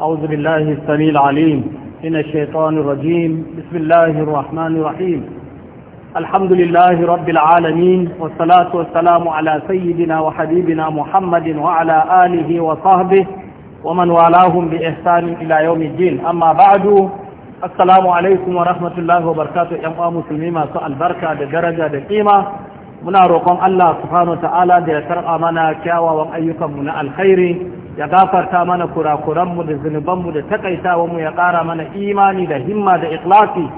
أعوذ بالله السميع العليم من الشيطان الرجيم بسم الله الرحمن الرحيم الحمد لله رب العالمين والصلاة والسلام على سيدنا وحبيبنا محمد وعلى آله وصحبه ومن والاهم بإحسان إلى يوم الدين أما بعد السلام عليكم ورحمة الله وبركاته يا مسلمين ما سأل بركة درجة قيمة منا رقم الله سبحانه وتعالى دي ترقى منا karɓa mana من الخير ya gafarta mana kurakuranmu da zunubanmu da takaitawanmu ya ƙara mana imani da himma da ikhlasi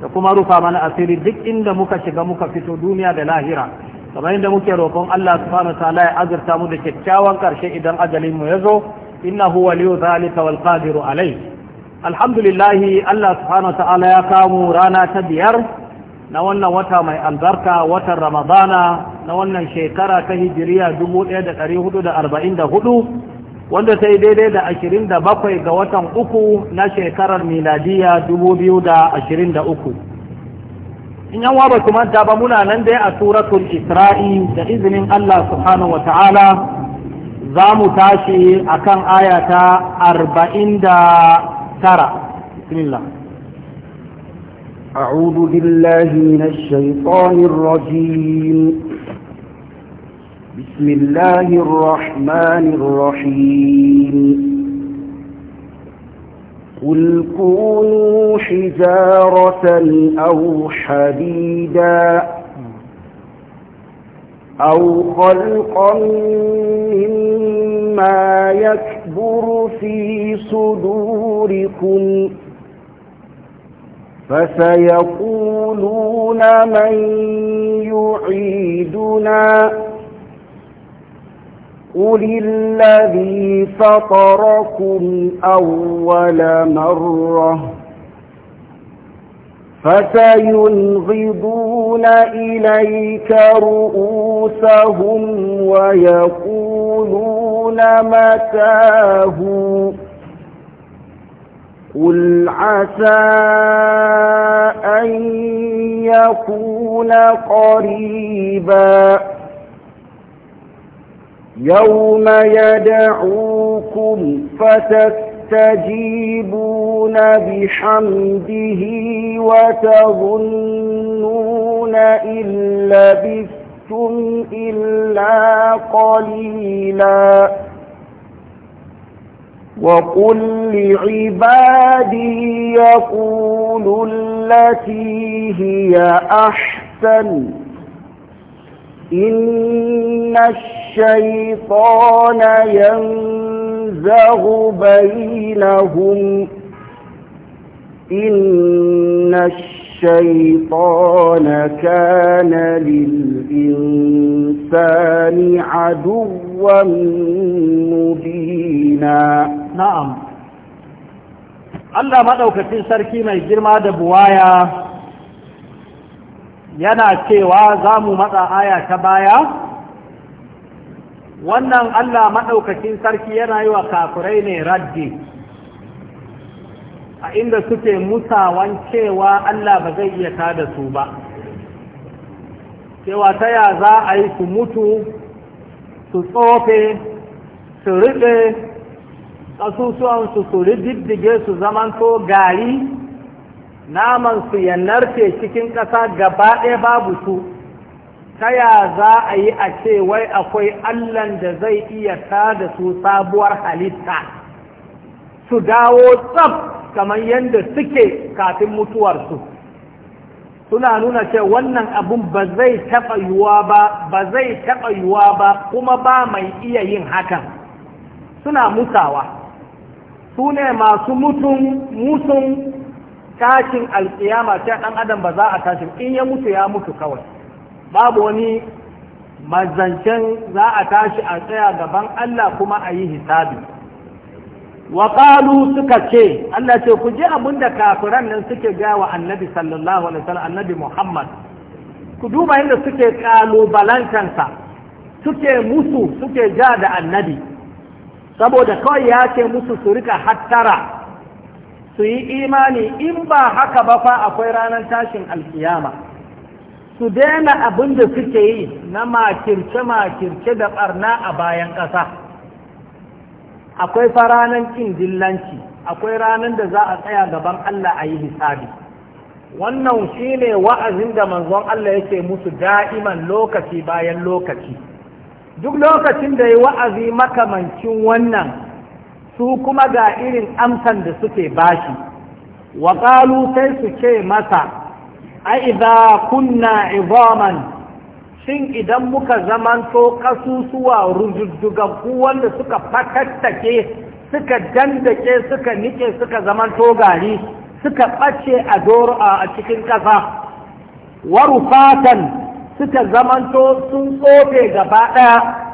da kuma rufa mana asiri duk inda muka shiga muka fito duniya da lahira kamar inda muke roƙon Allah subhanahu wa ta'ala ya azurta mu da kyakkyawan karshe idan ajalin mu ya zo innahu waliyu zalika wal qadiru alai alhamdulillah Allah subhanahu wa ta'ala ya kamu rana ta biyar na wannan wata mai albarka watan ramadana na wannan shekara ta hijiriya 1444 wanda ta yi daidai da ashirin da bakwai ga watan uku na shekarar miladiya dubu biyu da ashirin da uku in yawa ba su manta ba muna nan dai a suratul isra'i da izinin allah subhanahu wa ta'ala za mu tashi a kan ayata arba'in da tara bismillah أعوذ بالله من الشيطان الرجيم بسم الله الرحمن الرحيم قل كونوا حجارة أو حديدا أو خلقا مما يكبر في صدوركم فسيقولون من يعيدنا قل الذي فطركم أول مرة فسينغضون إليك رؤوسهم ويقولون متاه قل عسى أن يكون قريباً يوم يدعوكم فتستجيبون بحمده وتظنون إن لبثتم إلا قليلا وقل لعبادي يقولوا التي هي أحسن إن الشيطان ينزغ بينهم إن الشيطان كان للإنسان عدوا مبينا نعم الله ما دوكتين سركي ما يجرم هذا بوايا yana cewa za mu matsa aya ta baya wannan Allah maɗaukacin sarki yana yi wa kafirai ne raddi a inda suke musawan cewa Allah ba zai iya tada su ba cewa ta ya za a yi su mutu su tsofe su riɗe ƙasusuwansu su rididdige su zamanto gari naman su ya cikin ƙasa gaba ɗaya babu su ta ya za a yi a ce wai akwai allan da zai iya ta da su sabuwar halitta su dawo tsab kamar yadda suke kafin mutuwarsu suna nuna ce wannan abun ba zai taɓa yiwuwa ba ba zai taɓa yiwuwa ba kuma ba mai iya yin hakan suna mutawa su ne masu mutum tashin alkiyama ta dan adam ba za a tashi in ya mutu ya mutu kawai babu wani mazancen za a tashi a tsaya gaban Allah kuma a yi hisabi wa suka ce Allah ce ku ji abin da kafiran nan suke ga wa annabi sallallahu alaihi wasallam annabi Muhammad ku duba inda suke balantansa suke musu suke ja da annabi saboda kawai ya ce musu su rika hattara su yi imani in ba haka ba fa akwai ranar tashin alkiyama su daina abin da suke yi na makirce-makirce da barna a bayan ƙasa akwai faranan cin dillanci akwai ranar da za a tsaya gaban Allah a yi hisabi wannan shi ne wa'azin da manzon Allah yake musu da'iman lokaci bayan lokaci duk lokacin da ya wa'azi makamancin wannan su kuma ga irin amsan da suke bashi wa ƙalu sai su ce masa aiza kunna izaman shin idan muka zamanto ƙasusuwa rujujjugaggu wanda suka fatattake suka dandake suka nike suka zamanto gari suka ɓace a doro a cikin ƙasa warufatan suka zamanto sun tsofe gaba ɗaya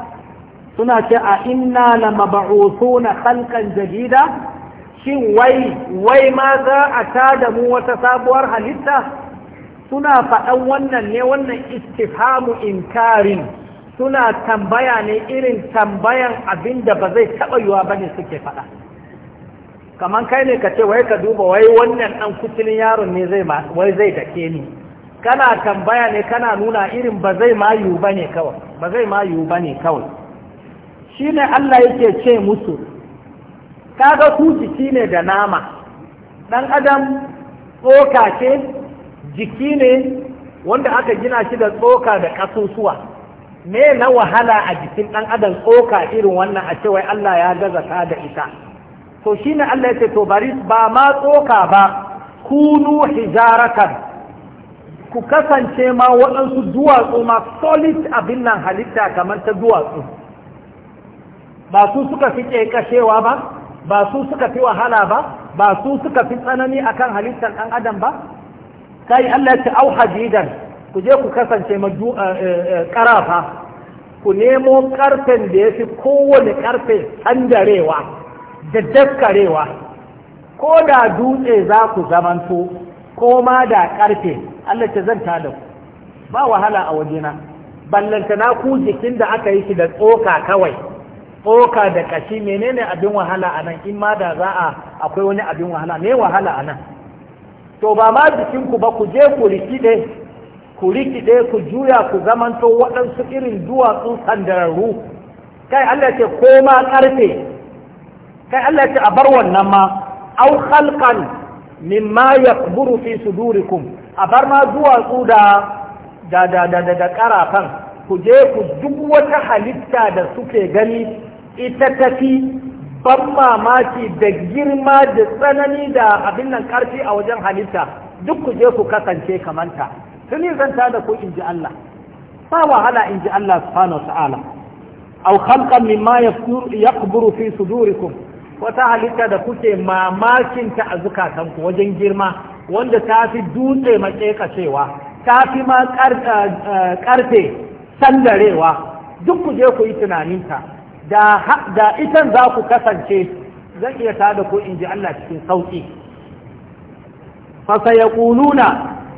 suna ce a inna la mab'uthuna khalqan jadida shin wai wai ma za a tada mu wata sabuwar halitta suna faɗan wannan ne wannan istifhamu inkarin suna tambaya ne irin tambayan abinda ba zai taɓa yiwa ba ne suke faɗa kamar kai ne ka ce wai ka duba wai wannan ɗan kucinin yaron ne zai wai zai dake ni kana tambaya ne kana nuna irin ba zai ma yiwu ba ne kawai ba zai ma yiwu ba ne kawai ne Allah yake ce musu kaga ku jiki ne da nama dan adam tsoka ce jiki ne wanda aka gina shi da tsoka da ƙasusuwa. me na wahala a jikin ɗan adam tsoka irin wannan a cewa Allah ya gaza ka da ita to shi ne Allah yake to bari ba ma tsoka ba kunu hijarakan ku kasance ma waɗansu duwatsu ma solid abin nan halitta kamar ta duwatsu ba su suka fi kashewa ba ba su suka fi wahala ba ba su suka fi tsanani akan halittar ɗan adam ba kai Allah ya ce au hadidan ku je ku kasance maju karafa eh, eh, eh, ku nemo karfen da ya fi kowane karfe tsandarewa da daskarewa ko da dutse za ku zamanto ko ma da karfe Allah ce zan tada ku ba wahala a wajena ballantana ku jikin da aka yi shi da tsoka kawai tsoka da kashi menene abin wahala a nan in ma da za a akwai wani abin wahala ne wahala a nan to ba ma jikinku ba ku je ku rikide ku rikide ku juya ku zamanto waɗansu irin duwatsu sandararru kai Allah ce ko ma karfe kai Allah ce a bar wannan ma au khalqan mimma yakburu fi sudurikum a bar ma duwatsu da da da da da karafan ku je ku duk wata halitta da suke gani ita tafi ban mamaki da girma da tsanani da abin nan karfi a wajen halitta duk ku je ku kasance kamanta tuni zan ta da ku in ji Allah ba wahala in ji Allah subhanahu wa ta'ala aw khalqan mimma yaqburu fi sudurikum wata halitta da kuke mamakin ta a zukatanku wajen girma wanda ta fi dutse maƙeƙacewa ta fi ma karfe sandarewa duk ku je ku yi tunaninta da itan za ku kasance zan iya tada ku in ji Allah cikin sauƙi fasa ya ƙununa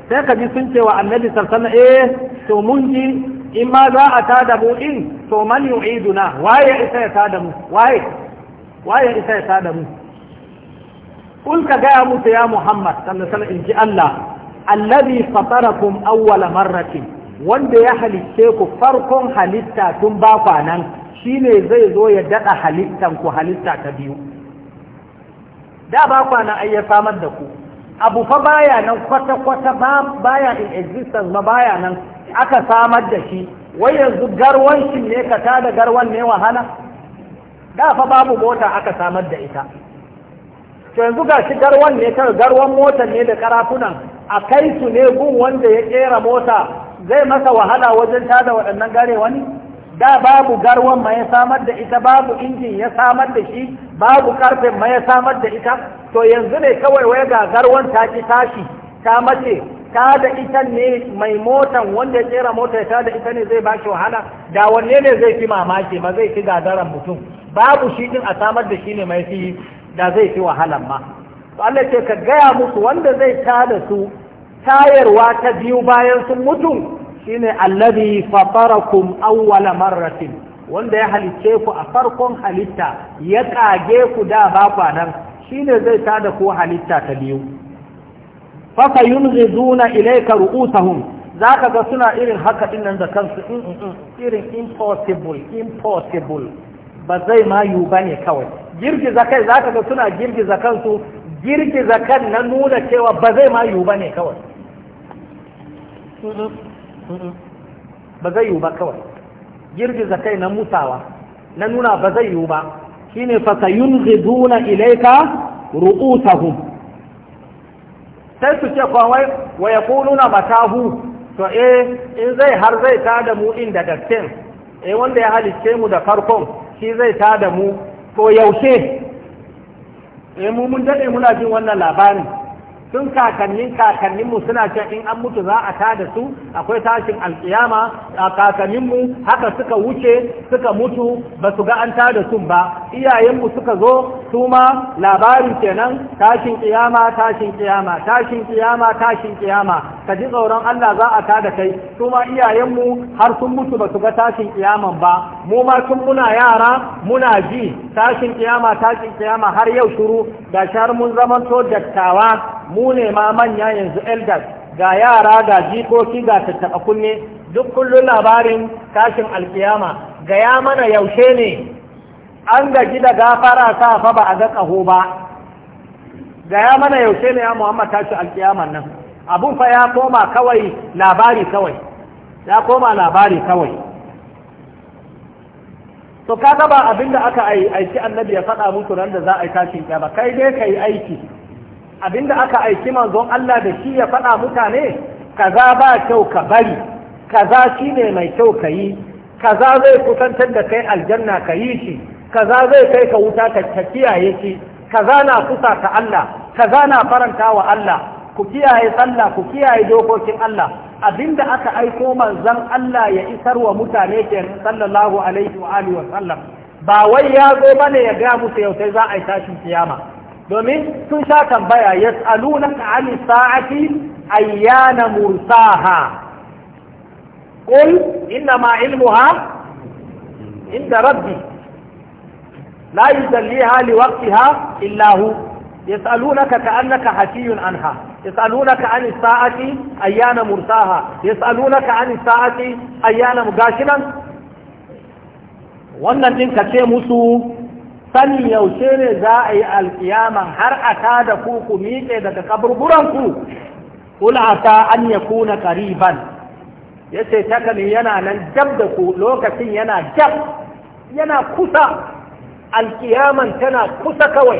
sai ka ji sun cewa annabi sarsana eh to mun ji in ma za a tada da in to man yu'iduna waye isa ya da mu waye waye isa ya tada mu kul ka gaya musu ya Muhammad sallallahu alaihi in ji Allah alladhi fatarakum awwala marratin wanda ya halitte ku farkon halitta tun ba kwanan shine zai zo ya dada halittan ku halitta ta biyu da ba kwanan ai ya samar da ku abu fa baya nan kwata-kwata baya in existence ma baya nan aka samar da shi wai yanzu garwan shi ne ka da garwan ne wahala da fa babu mota aka samar da ita to yanzu ga shi garwan ne kawai garwan motar ne da karafunan a kai su ne gun wanda ya kera mota zai masa wahala wajen tada waɗannan gare wani? da babu garwan ma ya samar da ita babu injin ya samar da shi babu karfe ma ya samar da ita to yanzu ne kawai wai ga garwan ta ki tashi ta mace ta da ita ne mai motan wanda ya tsera mota ta da ita ne zai ba shi wahala da wanne ne zai fi mamaki ba zai fi gadaran mutum babu shi din a samar da shi ne mai fi da zai fi wahalan ma to Allah ce ka gaya musu wanda zai ta da su tayarwa ta biyu bayan sun mutu shine allazi fatarakum awwala marratin wanda ya halice ku a farkon halitta ya kage ku da ba nan shine zai tada ku halitta ta biyu fa sayunghizuna ilayka ru'usahum zaka ga suna irin haka din nan da kansu mm, mm, mm, irin impossible impossible ba zai ma yu bane kawai girgiza kai zaka ga suna girgiza kansu girgiza kan na nuna cewa ba zai ma yu bane kawai ba zai yiwu ba kawai girgiza kai na mutawa na nuna ba zai yiwu ba Shi ne fasayun ziduna ilaika ruutahu sai su ce kawai wa ya ta matahu to eh in zai har zai ta da mu inda dattin E eh, wanda ya halicce mu da farkon shi zai ta da mu to yaushe eh mu mun dade muna jin wannan labarin tun kakannin kakanninmu suna ce in an mutu za a ta da su akwai tashin alkiyama a kakanninmu haka suka wuce suka mutu ba su ga an ta da su ba iyayenmu suka zo su ma labarin kenan tashin kiyama tashin kiyama tashin kiyama tashin kiyama ka ji tsoron Allah za a ta da kai su ma iyayenmu har sun mutu ba su ga tashin kiyaman ba mu ma tun muna yara muna ji tashin kiyama tashin kiyama har yau shuru ga shar mun zamanto dattawa mu ne ma manya yanzu elders ga yara ga jikoki ga tattaɓa kunne duk kullum labarin tashin alkiyama gaya mana yaushe ne an gaji da gafara sa fa ba a ga ƙaho ba gaya mana yaushe ne ya muhammad tashi alkiyama nan abun fa ya koma kawai labari kawai ya koma labari kawai to kaga ba abinda aka aiki annabi ya faɗa musu nan da za a yi tashin ƙyama kai dai ka yi aiki abinda aka aiki manzon Allah da shi ya faɗa mutane kaza ba kyau ka bari kaza shi ne mai kyau ka yi kaza zai kusantar da kai aljanna ka yi shi kaza zai kai ka wuta ka kiyaye shi kaza na kusa ka Allah kaza na faranta wa Allah ku kiyaye sallah ku kiyaye dokokin Allah abinda aka aiko manzon Allah ya isar wa mutane kenan sallallahu alaihi wa alihi wa sallam ba wai ya zo bane ya ga musu yau sai za a yi tashin kiyama domin sun sha tambaya ya tsaluna ka an sa'ati ayyana mursaha kul inna ma ilmuha inda rabbi la yusalliha li waqtiha illa hu yas'alunaka ka'annaka hatiyun anha yas'alunaka an sa'ati ayyana mursaha yas'alunaka an sa'ati ayyana mugashinan wannan din ka ce musu Sani yaushe ne za a yi alkiyama har a ta da ku ku miƙe daga kaburburanku kula ta an ya kuna kariban ya ce takalin yana nan jab da ku lokacin yana jab, yana kusa alkiyaman tana kusa kawai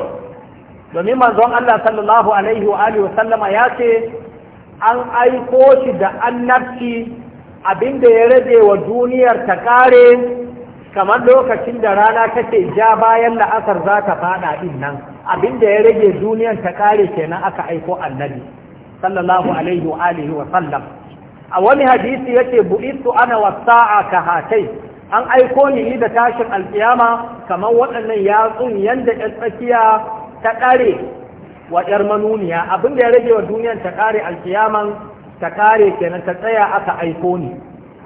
domin manzon Allah sallallahu alaihi wa alihi sallama ya ce an aiko shi da annabci abinda ya rage wa duniyar ta kare kamar lokacin da rana take ja bayan la'asar za ta fada din nan abinda ya rage duniyar ta kare kenan aka aiko annabi sallallahu alaihi wa alihi wa sallam a wani hadisi yake bu'istu ana wasa'a ka hatai an aiko ni da tashin alkiyama kamar waɗannan yatsun yanda ƴan tsakiya ta kare wa yar manuniya abinda ya rage wa duniyar ta kare alkiyaman ta kare kenan ta tsaya aka aiko ni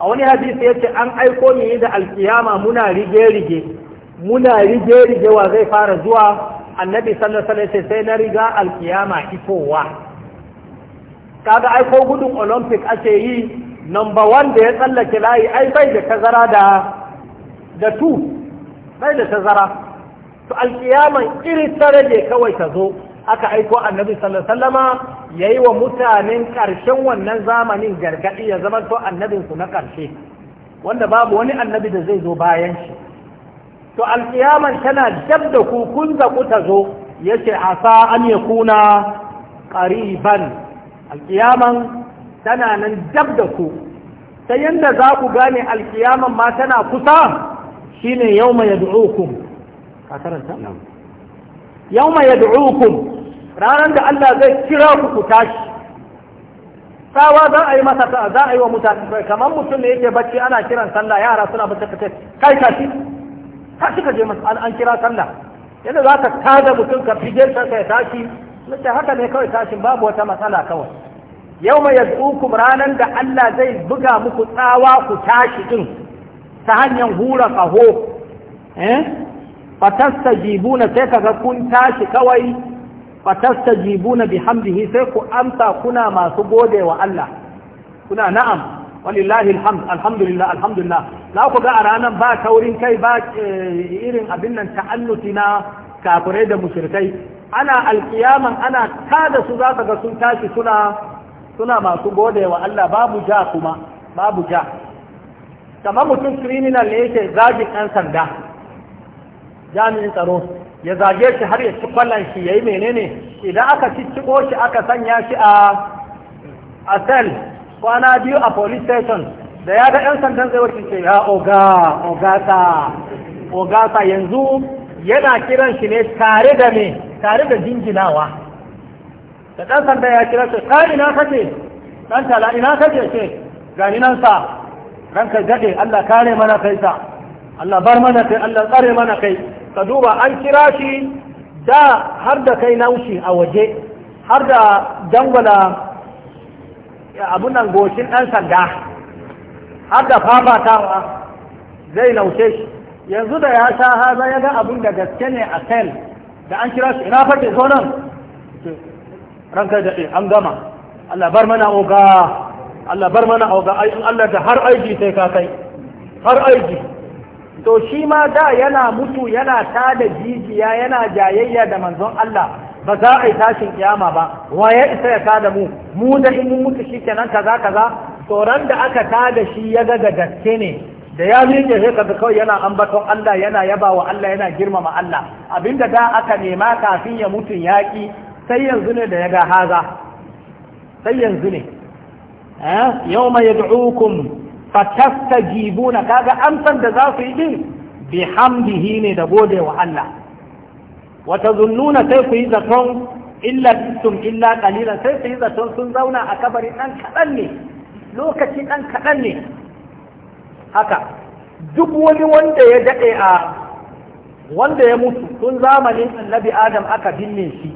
a wani hadisi yace an aiko ni da alkiyama muna rige rige muna rige rige wa zai fara zuwa annabi sallallahu alaihi wasallam sai na riga alkiyama itowa kaga aiko gudun olympic ake yi number one da ya tsallake layi ai bai da tazara da da bai da tazara to alkiyama iri ta rage kawai ta zo aka aiko annabi sallallahu alaihi wasallama yayi wa mutanen ƙarshen wannan zamanin gargadi ya zama to annabin su na ƙarshe, wanda babu wani annabi da zai zo bayan shi to alƙiyamar tana dab da ku kun ku ta zo yace asa an yakuna qariban alkiyaman tana nan dab da ku ta yanda za ku gane alƙiyamar ma tana kusa shine yawma yad'ukum ka karanta Yau yawma yad'ukum ranar da Allah zai kira ku ku tashi tsawa za a yi masa za a yi wa mutane kamar mutum ne yake bacci ana kiran sallah yara suna bacci kace kai tashi tashi ka je masa an kira sallah yadda za ka tada mutum ka fige sa kai tashi nace haka ne kawai tashin babu wata matsala kawai yau mai yazukum ranar da Allah zai buga muku tsawa ku tashi din ta hanyar hura kaho eh fatastajibuna sai kaga kun tashi kawai fatastajibuna bihamdihi sai ku amsa kuna masu gode wa Allah kuna na'am walillahi alhamd alhamdulillah alhamdulillah na ku ga a ranar ba taurin kai ba eh, irin abin nan ta'alluti na kafirai da mushrikai ana alkiyaman ana kada su za ga sun tashi suna suna masu gode wa Allah babu ja kuma babu ja kamar mutum criminal ne yake zagin ɗan sanda jami'in tsaro ya zage shi har ya ci kwallon shi ya yi menene idan aka cicciko shi aka sanya shi a cell kwana biyu a police station da ya ga 'yan sandan zai wuce ce ya oga oga ogasa yanzu yana kiran shi ne tare da me tare da jinjinawa da ɗan sanda ya kira shi ka ina kake ɗan tala ina kake ce ga nan sa ranka gade Allah kare mana kai sa Allah bar mana kai Allah tsare mana kai ka duba an kira shi da har da kai naushi a waje har da dangwala abun nan goshin ɗan sanda har da fafatawa zai naushe shi yanzu da ya sha haza ya ga abun da gaske ne a sel da an kira shi ina fata zo nan ranka da an gama Allah bar mana oga Allah bar mana oga ai in Allah da har aiki sai ka kai har aiki to shi ma da yana mutu yana tada jijiya yana jayayya da manzon Allah ba za a yi tashin kiyama ba wa ya isa ya da mu mu da in mun mutu shikenan kaza kaza tsoron da aka ta da shi ya ga da gaske ne da ya miƙe sai kaga kawai yana ambaton Allah yana yaba wa Allah yana girmama Allah abinda da aka nema kafin ya mutu yaƙi sai yanzu ne da ya ga haza sai yanzu ne eh? yawma yad'ukum fatastajibuna kaga amsan da za su yi din bihamdihi ne da gode wa Allah wata zunnuna sai ku yi zaton illa bisum illa qalilan sai ku yi zaton sun zauna a kabari dan kaɗan ne lokaci dan kaɗan ne haka duk wani wanda ya daɗe a wanda ya mutu tun zamanin annabi adam aka binne shi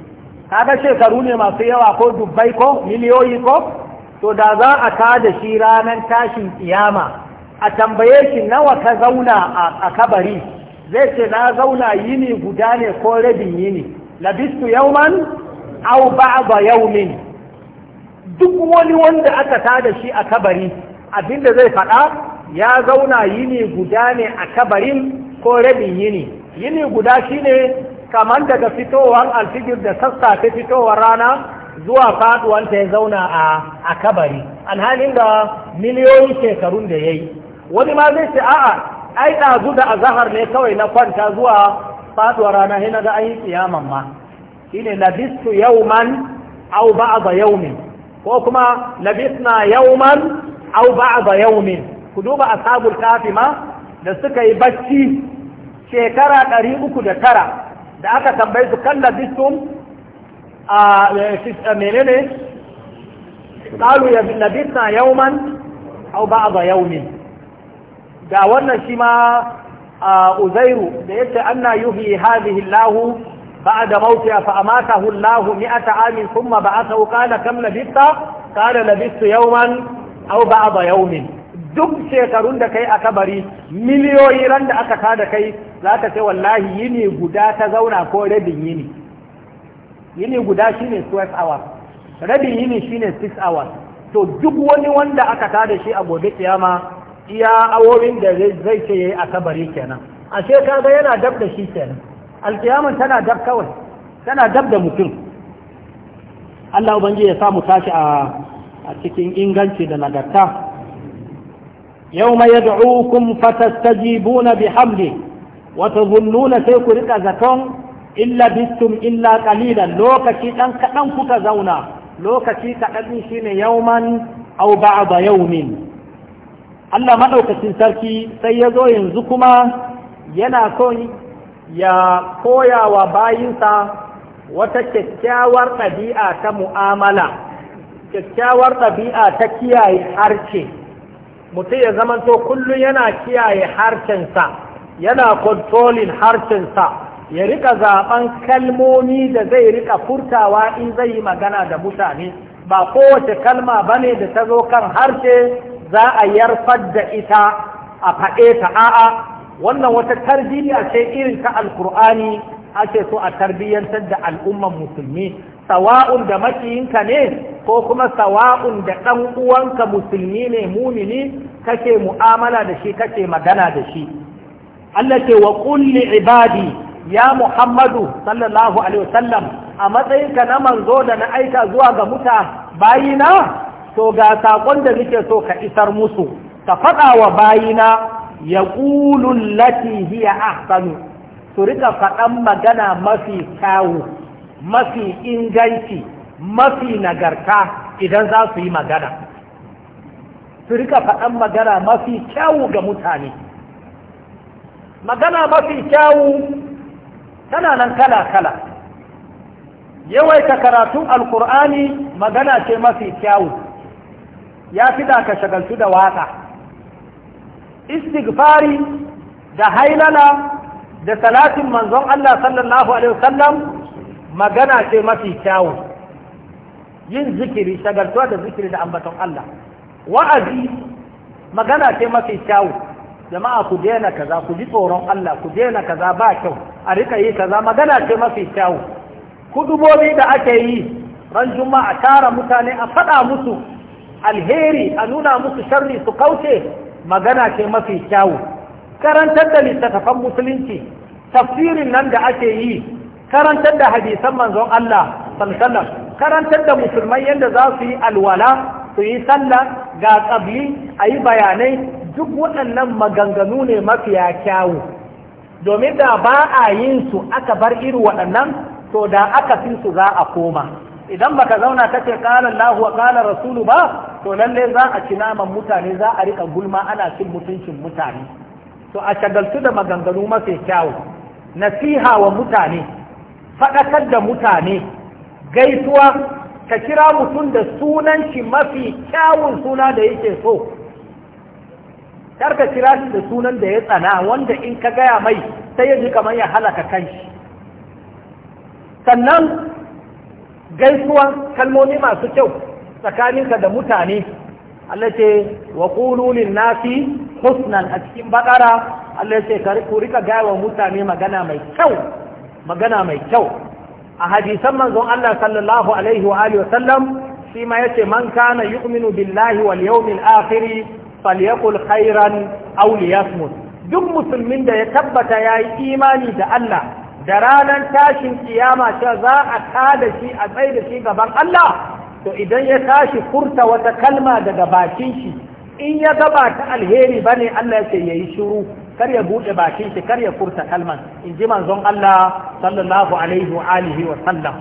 kaga shekaru ne masu yawa ko dubbai ko miliyoyi ko to da za a ta da shi ranar tashin kiyama a tambaye shi nawa ka zauna a kabari zai ce na zauna yini guda ne ko rabin yini labistu yauman au ba'da yaumin duk wani wanda aka ta da shi a kabari abinda zai faɗa ya zauna yini guda ne a kabarin ko rabin yini yini guda shine kamar daga fitowar alfijir da sassafe fitowar rana zuwa faduwanta ya zauna a kabari halin da miliyoyin shekarun da ya yi wani ma zai ce a'a ai ɗazu da azahar ne kawai na kwanta zuwa faduwa rana hina da an yi kiyaman ma shi ne labistu yauman au ba'da yaumin ko kuma labisna yauman au ba'da yaumin ku duba ashabul ma da suka yi bacci shekara ɗari uku da tara da aka tambaye su kan Labistun. a eh, eh, menene ƙalu ya labisna yauman au ba a yaumi ga wannan shi ma a uzairu da yace anna yuhi hadhihi Allahu ba'da mautiha fa amatahu Allahu mi'ata amin thumma ba'athahu da kam labista qala labistu yawman aw ba'da yawmin duk shekarun da kai a kabari miliyoyi ran da aka kada kai ta ce wallahi yini guda ta zauna ko rabin yini yini guda shine 12 hours rabin yini shine 6 hours to duk wani wanda aka tada shi a gobe kiyama iya awowin da zai ce yayi a kabari kenan a kaga yana dab da shi kenan alkiyama tana dab kawai tana dab da mutum Allah ubangiji ya samu tashi a a cikin inganci da nagarta yawma yad'ukum fatastajibuna bihamdi wa tazunnuna sai ku rika zaton illa bistum illa ƙalilan. lokaci dan kadan kuka zauna lokaci kadan shine yawman aw ba'da yawmin Allah madaukakin sarki sai ya zo yanzu kuma yana so ya koya wa bayinsa wata kyakkyawar ɗabi'a ta mu'amala kyakkyawar ɗabi'a ta kiyaye harshe mutum ya zamanto kullum yana kiyaye harshensa yana kontrolin harshensa ya rika zaben kalmomi da zai rika furtawa in zai yi magana da mutane ba kowace kalma bane da ta zo kan harshe za a yarfar da ita a faɗe ta a'a wannan wata tarbiyya ce irin ta alkur'ani ake so a tarbiyyantar da al'umman musulmi sawa'un da makiyinka ne ko kuma sawa'un da ɗan uwanka musulmi ne mumini kake mu'amala da shi kake magana da shi Allah ce wa kulli ibadi ya Muhammadu sallallahu alaihi wasallam a matsayinka na manzo da na aika zuwa ga muta bayina to ga saƙon da nake so ka isar musu ka faɗa wa bayina ya ƙulun lati hiya ahsanu su rika faɗan magana mafi kyawu mafi inganci mafi nagarta idan za su yi magana su rika faɗan magana mafi kyawu ga mutane magana mafi kyawu tana nan kala-kala yawaita karatun alkur'ani magana ce mafi kyawu ya fi da ka shagaltu da waka istighfari da hailala da talatin manzon Allah sallallahu alaihi wasallam magana ce mafi kyawu yin zikiri shagaltuwa da zikiri da ambaton Allah wa'azi magana ce mafi kyawu jama'a ku daina kaza ku ji tsoron Allah ku daina kaza ba kyau a rika yi kaza magana ce mafi kyau kudubobi da ake yi ran juma'a tara mutane a faɗa musu alheri a nuna musu sharri su kauce magana ce mafi kyau karantar da littattafan musulunci tafsirin nan da ake yi karantar da hadisan manzon Allah sallallahu karantar da musulmai yadda za su yi alwala su yi sallah ga tsabli a yi bayanai duk waɗannan maganganu ne mafiya kyawu domin da ba a yin su aka bar iri waɗannan to da aka fi su za a koma idan baka zauna kace ce Allahu wa qala Rasulu ba to lalle za a ci naman mutane za a riƙa gulma ana cin mutuncin mutane to a shagaltu da maganganu mafi kyawu nasiha wa mutane faɗakar da mutane gaisuwa ka kira mutum da sunanci mafi kyawun suna da yake so kar ka kira shi da sunan da ya tsana wanda in ka gaya mai sai ya ji kamar ya halaka kanshi sannan gaisuwa kalmomi masu kyau tsakaninka da mutane Allah ce wa qulu lin nasi husnan a cikin bakara Allah ce ku rika gaya wa mutane magana mai kyau magana mai kyau a hadisan manzon Allah sallallahu alaihi wa alihi wa sallam shi ma yace man kana yu'minu billahi wal yawmil akhir falyakul khairan aw liyasmut duk musulmin da ya tabbata yayi imani da Allah da ranar tashin kiyama ta za a kada shi a tsaye da shi gaban Allah to idan ya tashi furta wata kalma daga bakin shi in ya gaba ta alheri bane Allah ya ce yayi shiru kar ya bude bakin shi kar ya furta kalman in ji manzon Allah sallallahu alaihi wa alihi wa sallam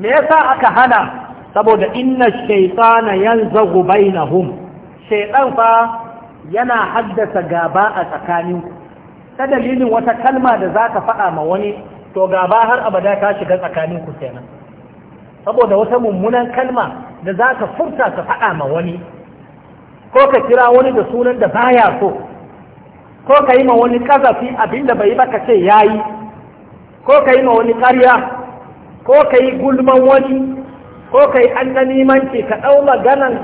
me yasa aka hana saboda inna shaytana yanzagu bainahum shaiɗan fa yana haddasa gaba a tsakaninku ta dalilin wata kalma da za ka faɗa ma wani to gaba har abada ta shiga tsakaninku kenan saboda wata mummunan kalma da za ka furta ka faɗa ma wani ko ka kira wani da sunan da baya so ko ka yi ma wani ƙazafi abinda bai yi ba ka ce ya yi ko ka yi ma wani ƙarya ko ka yi gulman wani ko ka yi annanimanci ka ɗau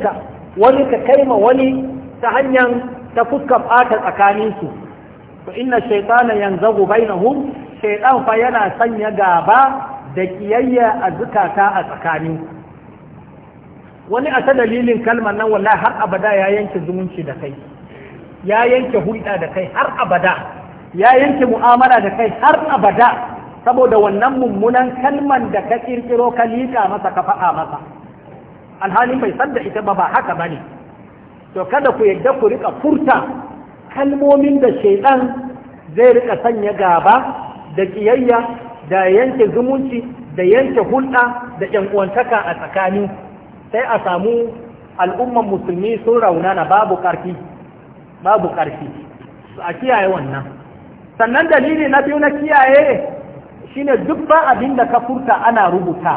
ka wani ka kai wani ta hanyar ta fuska tsakanin tsakaninsu to inna shaytana yanzagu bainahum shaitan fa yana sanya gaba da kiyayya a zukata a tsakanin wani a ta dalilin kalmar nan wallahi har abada ya yanke zumunci da kai ya yanke hulɗa da kai har abada ya yanke mu'amala da kai har abada saboda wannan mummunan kalmar da ka kirkiro ka liƙa masa ka faɗa masa alhali mai san ita ba ba haka bane to kada ku yadda ku rika furta kalmomin da shaidan zai rika sanya gaba da kiyayya da yanke zumunci da yanke hulɗa da uwantaka a tsakani sai a samu al'umman musulmi sun raunana babu ƙarfi babu ƙarfi su a kiyaye wannan sannan dalili na biyu na kiyaye shine duk ba abinda ka furta ana rubuta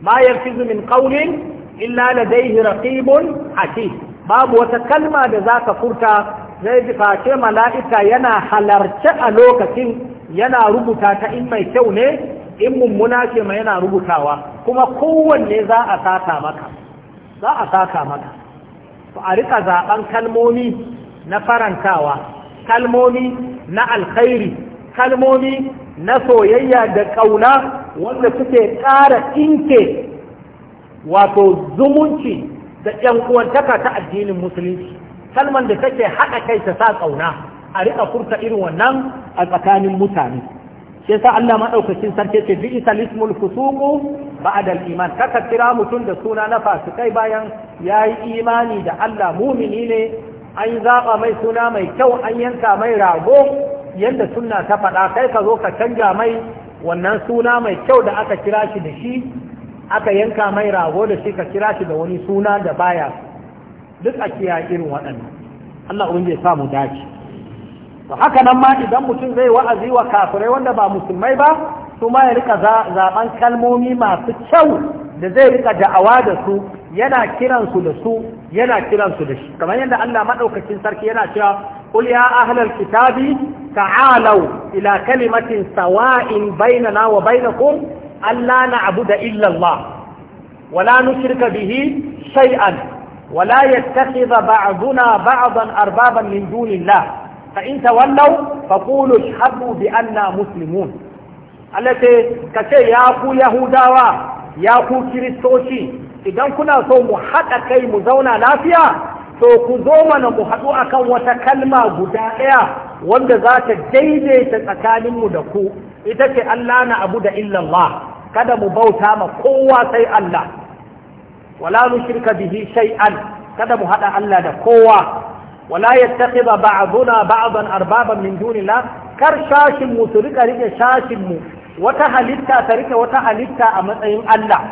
ma yarfizu min qawlin illa ladaihi raqibun atid babu wata kalma da zaka furta zai ji mala'ika yana halarce a lokacin yana rubuta ta in mai kyau ne in mummuna ce mai yana rubutawa kuma kowanne za a saka maka za a saka maka to a rika zaben kalmomi na farantawa kalmomi na alkhairi kalmomi na soyayya da kauna wanda suke ƙara inke wato zumunci da ƴan uwantaka ta addinin musulunci kalman da take haɗa kai ta sa ƙauna a riƙa furta irin wannan a tsakanin mutane shi yasa Allah maɗaukacin sarki ce bi isalismul fusuqu ba'da al-iman kaka kira mutum da suna na fasikai bayan yayi imani da Allah mumini ne an yi zaba mai suna mai kyau an yanka mai rago yanda sunna ta faɗa kai ka zo ka canja mai wannan suna mai kyau da aka kira shi da shi aka yanka mai rago da shi ka kira shi da wani suna da baya duk a kiya irin waɗannan Allah ubin zai samu dace to haka nan ma idan mutum zai wa'azi wa kafirai wanda ba musulmai ba su ma ya rika zaben kalmomi masu kyau da zai rika da'awa da su yana kiransu da su yana kiransu da shi kamar yadda Allah maɗaukacin sarki yana cewa قل يا أهل الكتاب تعالوا إلى كلمة سواء بيننا وبينكم Allah na abu da illallah wala nushirka bihi shay'an wala yattakhidha ba'duna ba'dan arbaban min dunillah fa in tawallaw faqulu ashhadu bi anna muslimun Allah ka ce ya ku yahudawa ya ku kiristoci idan kuna so mu haɗa kai mu zauna lafiya to ku zo mana mu haɗu akan wata kalma guda ɗaya wanda za ta daidaita tsakaninmu da ku ita ce Allah na abu da illallah kada mu bauta ma kowa sai Allah wala nushrika bihi shay'an kada mu hada Allah da kowa wala yattakhidha ba'duna ba'dan arbaban min dunillah kar shashin mu su rika rike shashin mu wata halitta ta rike wata halitta a matsayin Allah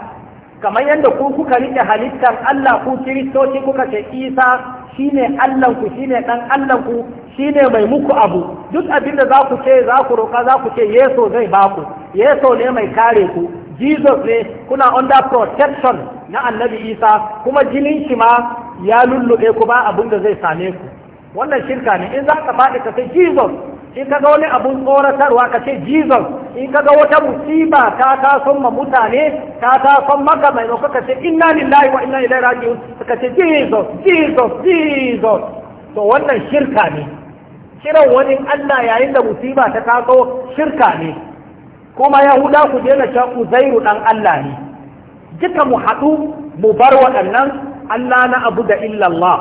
kamar yadda ku kuka rike halittar Allah ku kiristoci kuka ce Isa shine Allah ku shine dan Allah ku Shi ne mai muku abu duk abin da za ku ce za ku roƙa za ku ce yeso zai ba ku. yeso ne mai kare ku jesus ne kuna under protection na annabi isa kuma jinin shi ma ya lullube ku ba abin da zai same ku wannan shirka ne in za ka faɗi ka ce jesus in ka ga wani abun tsoratarwa ka ce jesus in ka ga wata musiba ta tason ma mutane ta tason maka mai ka ce inna lillahi wa inna ilaihi raji'un ka ce jesus jesus jesus to wannan shirka ne kiran wani Allah yayin da musiba ta taso shirka ne kuma yahuda ku daina can uzairu dan Allah ne jika mu haɗu mu bar waɗannan Allah na abu da illallah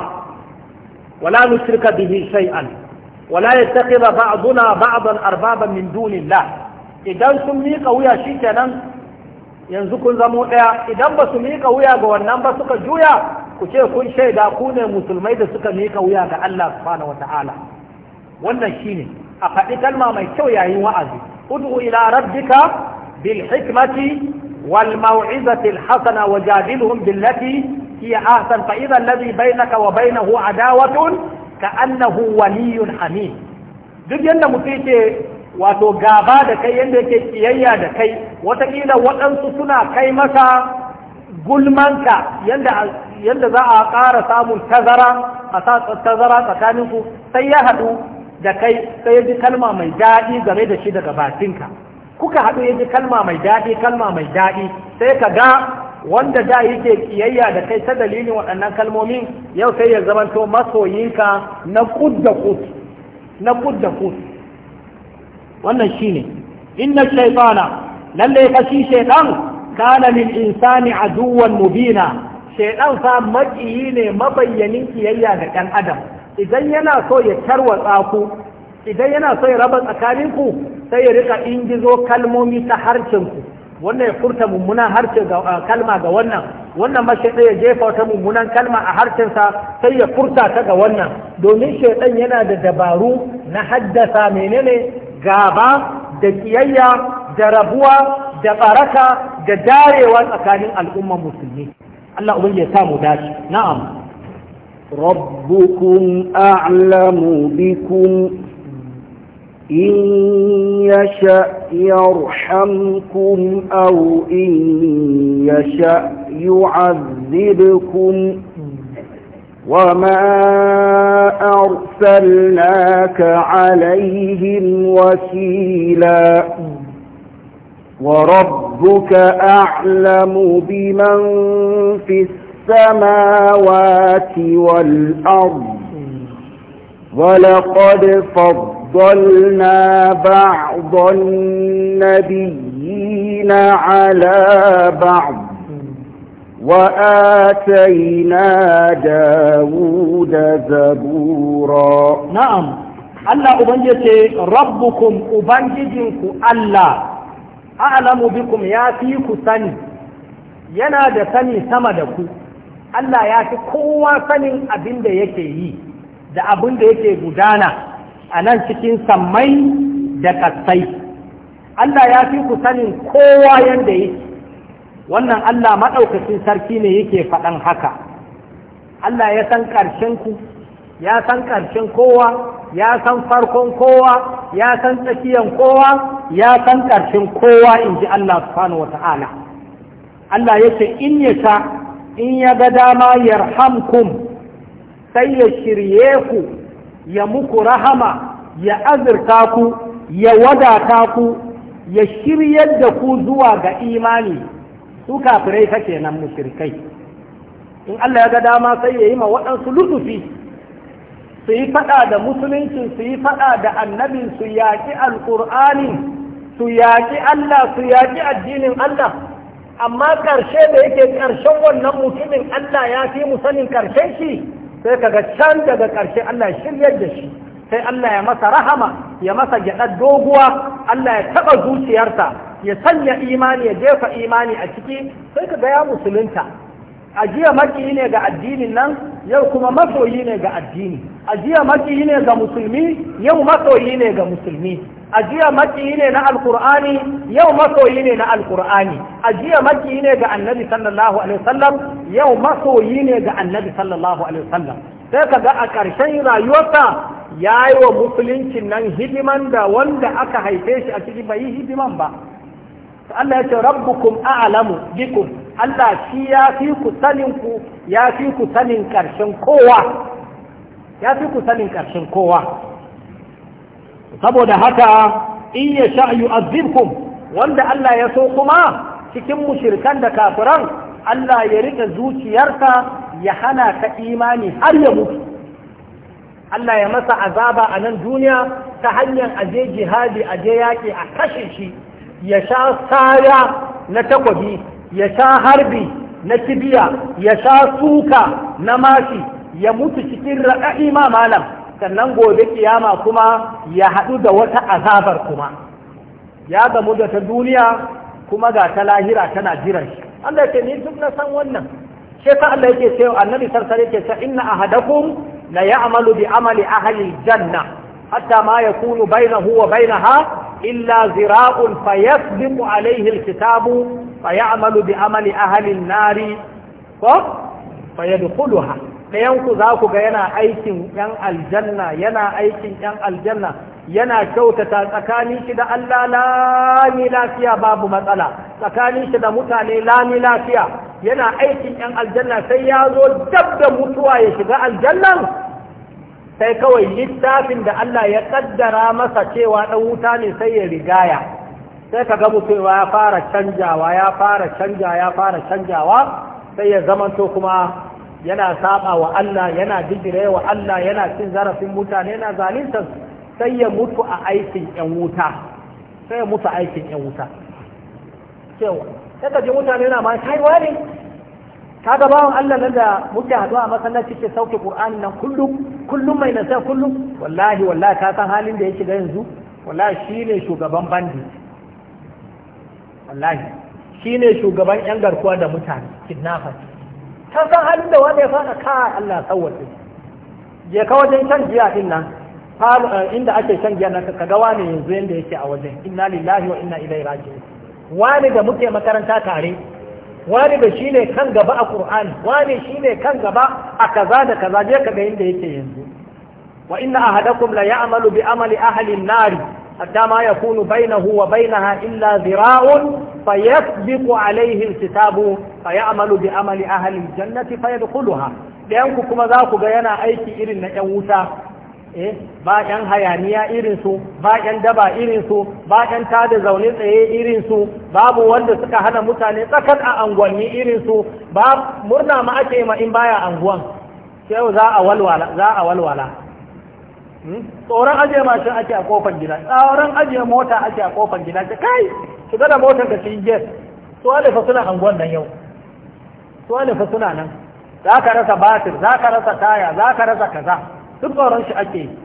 wala nushrika bihi shay'an wala yattakhidha ba'duna ba'dan arbaban min dunillah idan sun miƙa wuya shikenan yanzu kun zamo ɗaya idan ba su miƙa wuya ga wannan ba suka juya ku ce kun shaida ku ne musulmai da suka miƙa wuya ga Allah subhanahu wata'ala wannan shine a faɗi kalma mai kyau yayin wa'azi ud'u ila rabbika bil hikmati wal maw'izati al hasana wajadilhum billati hiya ahsan fa idha alladhi bainaka wa bainahu adawatun ka'annahu waliyyun amin duk yanda mutum ke wato gaba da kai yanda yake kiyayya da kai watakila waɗansu suna kai masa gulmanka yanda za a ƙara samun tazara a sa tazara tsakaninku sai ya haɗu da kai sai ya kalma mai daɗi game da shi daga bakinka kuka haɗu ya ji kalma mai daɗi kalma mai daɗi sai ka ga wanda da yake kiyayya da kai ta dalilin waɗannan kalmomin yau sai ya zamanto masoyinka na kudda da na kud da wannan shine inna shaytana lalle ka shi shaytan kana min insani aduwan mubina shaytan fa maƙiyi ne mabayyanin kiyayya ga ɗan adam idan yana so ya tarwatsa ku idan yana so ya raba tsakaninku sai ya rika ingizo kalmomi ta ku wannan ya furta mummunan ga kalma ga wannan wannan ma shaidan ya jefa wata mummunan kalma a sa sai ya furta ta ga wannan domin shaidan yana da dabaru na haddasa menene gaba da kiyayya da rabuwa da baraka da darewa tsakanin al'umma musulmi Allah ubangiji ya samu dace na'am ربكم أعلم بكم إن يشأ يرحمكم أو إن يشأ يعذبكم وما أرسلناك عليهم وكيلا وربك أعلم بمن في السماء السماوات والأرض ولقد فضلنا بعض النبيين على بعض وآتينا داود زبورا نعم الله أبنجك ربكم أبنجتكم الله أعلم بكم يا فيك سني ينادى da سمدكم Allah ya fi kowa sanin abin da yake yi da abin da yake gudana a nan cikin sammai da kasai Allah ya fi ku sanin kowa yadda yake wannan Allah maɗaukacin sarki ne yake faɗan haka Allah ya san ƙarshen ku ya san ƙarshen kowa ya san farkon kowa ya san tsakiyan kowa ya san ƙarshen kowa in ji Allah su wa ta'ala Allah ya ce in yasa in ya ga dama yarhamkum sai ya shirye ku ya muku rahama ya azurta ku ya wadata ku ya shiryar da ku zuwa ga imani su kafirai kake nan mushrikai in Allah ya ga dama sai ya yi ma waɗansu lutufi su yi faɗa da musulunci su yi faɗa da annabin su yaƙi alƙur'anin su yaƙi Allah su yaƙi addinin Allah amma ƙarshe da yake ƙarshen wannan mutumin Allah ya fi mu sanin ƙarshen shi sai kaga can daga ƙarshe Allah ya shiryar da shi sai Allah ya masa rahama ya masa gyaɗar doguwa Allah ya taɓa zuciyarsa ya sanya imani ya jefa imani a ciki sai kaga ya musulunta a jiya makiyi ne ga addinin nan yau kuma masoyi ne ga addini a jiya makiyi ne ga musulmi yau masoyi ne ga musulmi a jiya makiyi ne na alkur'ani yau masoyi ne na alkur'ani a jiya makiyi ne ga annabi sallallahu alaihi wasallam yau masoyi ne ga annabi sallallahu alaihi wasallam sai kaga a ƙarshen rayuwarsa ya yi wa musuluncin nan hidiman da wanda aka haife shi a cikin bai hidiman ba Allah ya ce rabbukum a'lamu bikum Allah shi ya fi ku sanin ku ya fi ku sanin ƙarshen kowa ya fi ku sanin ƙarshen kowa saboda haka in ya sha yu'azzibkum wanda Allah ya so kuma cikin mushirkan da kafiran Allah ya rika zuciyarsa ya hana ka imani har ya mutu Allah ya masa azaba a nan duniya ta hanyar aje jihadi aje yaƙi a kashe shi ya sha saya na takwabi ya sha harbi na kibiya ya sha suka na mashi ya mutu cikin raɗaɗi ma malam sannan gobe kiyama kuma ya haɗu da wata azabar kuma ya gamu da ta duniya kuma ga ta lahira tana jiran shi Allah ce ni duk na san wannan shi ta Allah yake cewa annabi sarsare yake cewa inna ahadakum la ya'malu bi amali ahli janna hatta ma yakunu bainahu wa bainaha illa zira'un fayasbiqu alayhi alkitabu fa ya'malu bi amali ahalin nari ko fa yadkhuluha ɗayan yanku za ku ga yana aikin yan aljanna yana aikin yan aljanna yana kyautata tsakani shi da Allah lami lafiya babu matsala tsakani shi da mutane lami lafiya yana aikin yan aljanna sai ya zo dab da mutuwa ya shiga aljannan sai kawai littafin da Allah ya kaddara masa cewa ɗan wuta ne sai ya rigaya sai ka ga mutuwa ya fara canjawa ya fara canja ya fara canjawa sai ya zamanto kuma yana saba wa Allah yana digire wa Allah yana cin zarafin mutane yana zalinta sai ya mutu a aikin yan wuta sai ya mutu a aikin yan wuta cewa sai ka ji mutane na ma kai wani ka ga bawon Allah nan da muke haɗuwa a masallaci ke sauke Qur'ani nan kullum kullum mai nasa kullum wallahi wallahi ka san halin da yake ga yanzu wallahi shine shugaban bandi wallahi shi ne shugaban yan garkuwa da mutane kidnappers ta san halin da wanda ya fara ka Allah sawwace je ka wajen shan giya din nan eh, inda ake shan giya nan ka ga wani yanzu yanda yake a wajen inna lillahi wa inna ilaihi raji'un wani da muke makaranta tare wani da shine kan gaba a Qur'ani wani shine kan gaba a kaza da kaza je ka ga inda yake yanzu wa inna ahadakum la ya'malu bi amali ahli an-nari ما ma بينه وبينها إلا ذراع فيسبق عليه الكتاب alayhi بأمل أهل الجنة فيدخلها ahli كما ذاك بينا ku kuma za ku ga yana aiki irin yan wuta eh ba hayaniya irin su ba daba irin su ba tada zaune tsaye irin su babu wanda suka hana mutane tsakan a unguwanni irin su ba murna ma ake ma in baya anguwan sai za a walwala za a walwala tsoron ajiye mashin ake a kofar gida tsoron ajiye mota ake a kofar gida ta kai su da motar da cikin gas su alifa suna anguwan nan yau su alifa suna nan za ka rasa batir za ka rasa taya za ka rasa kaza duk tsoron shi ake yi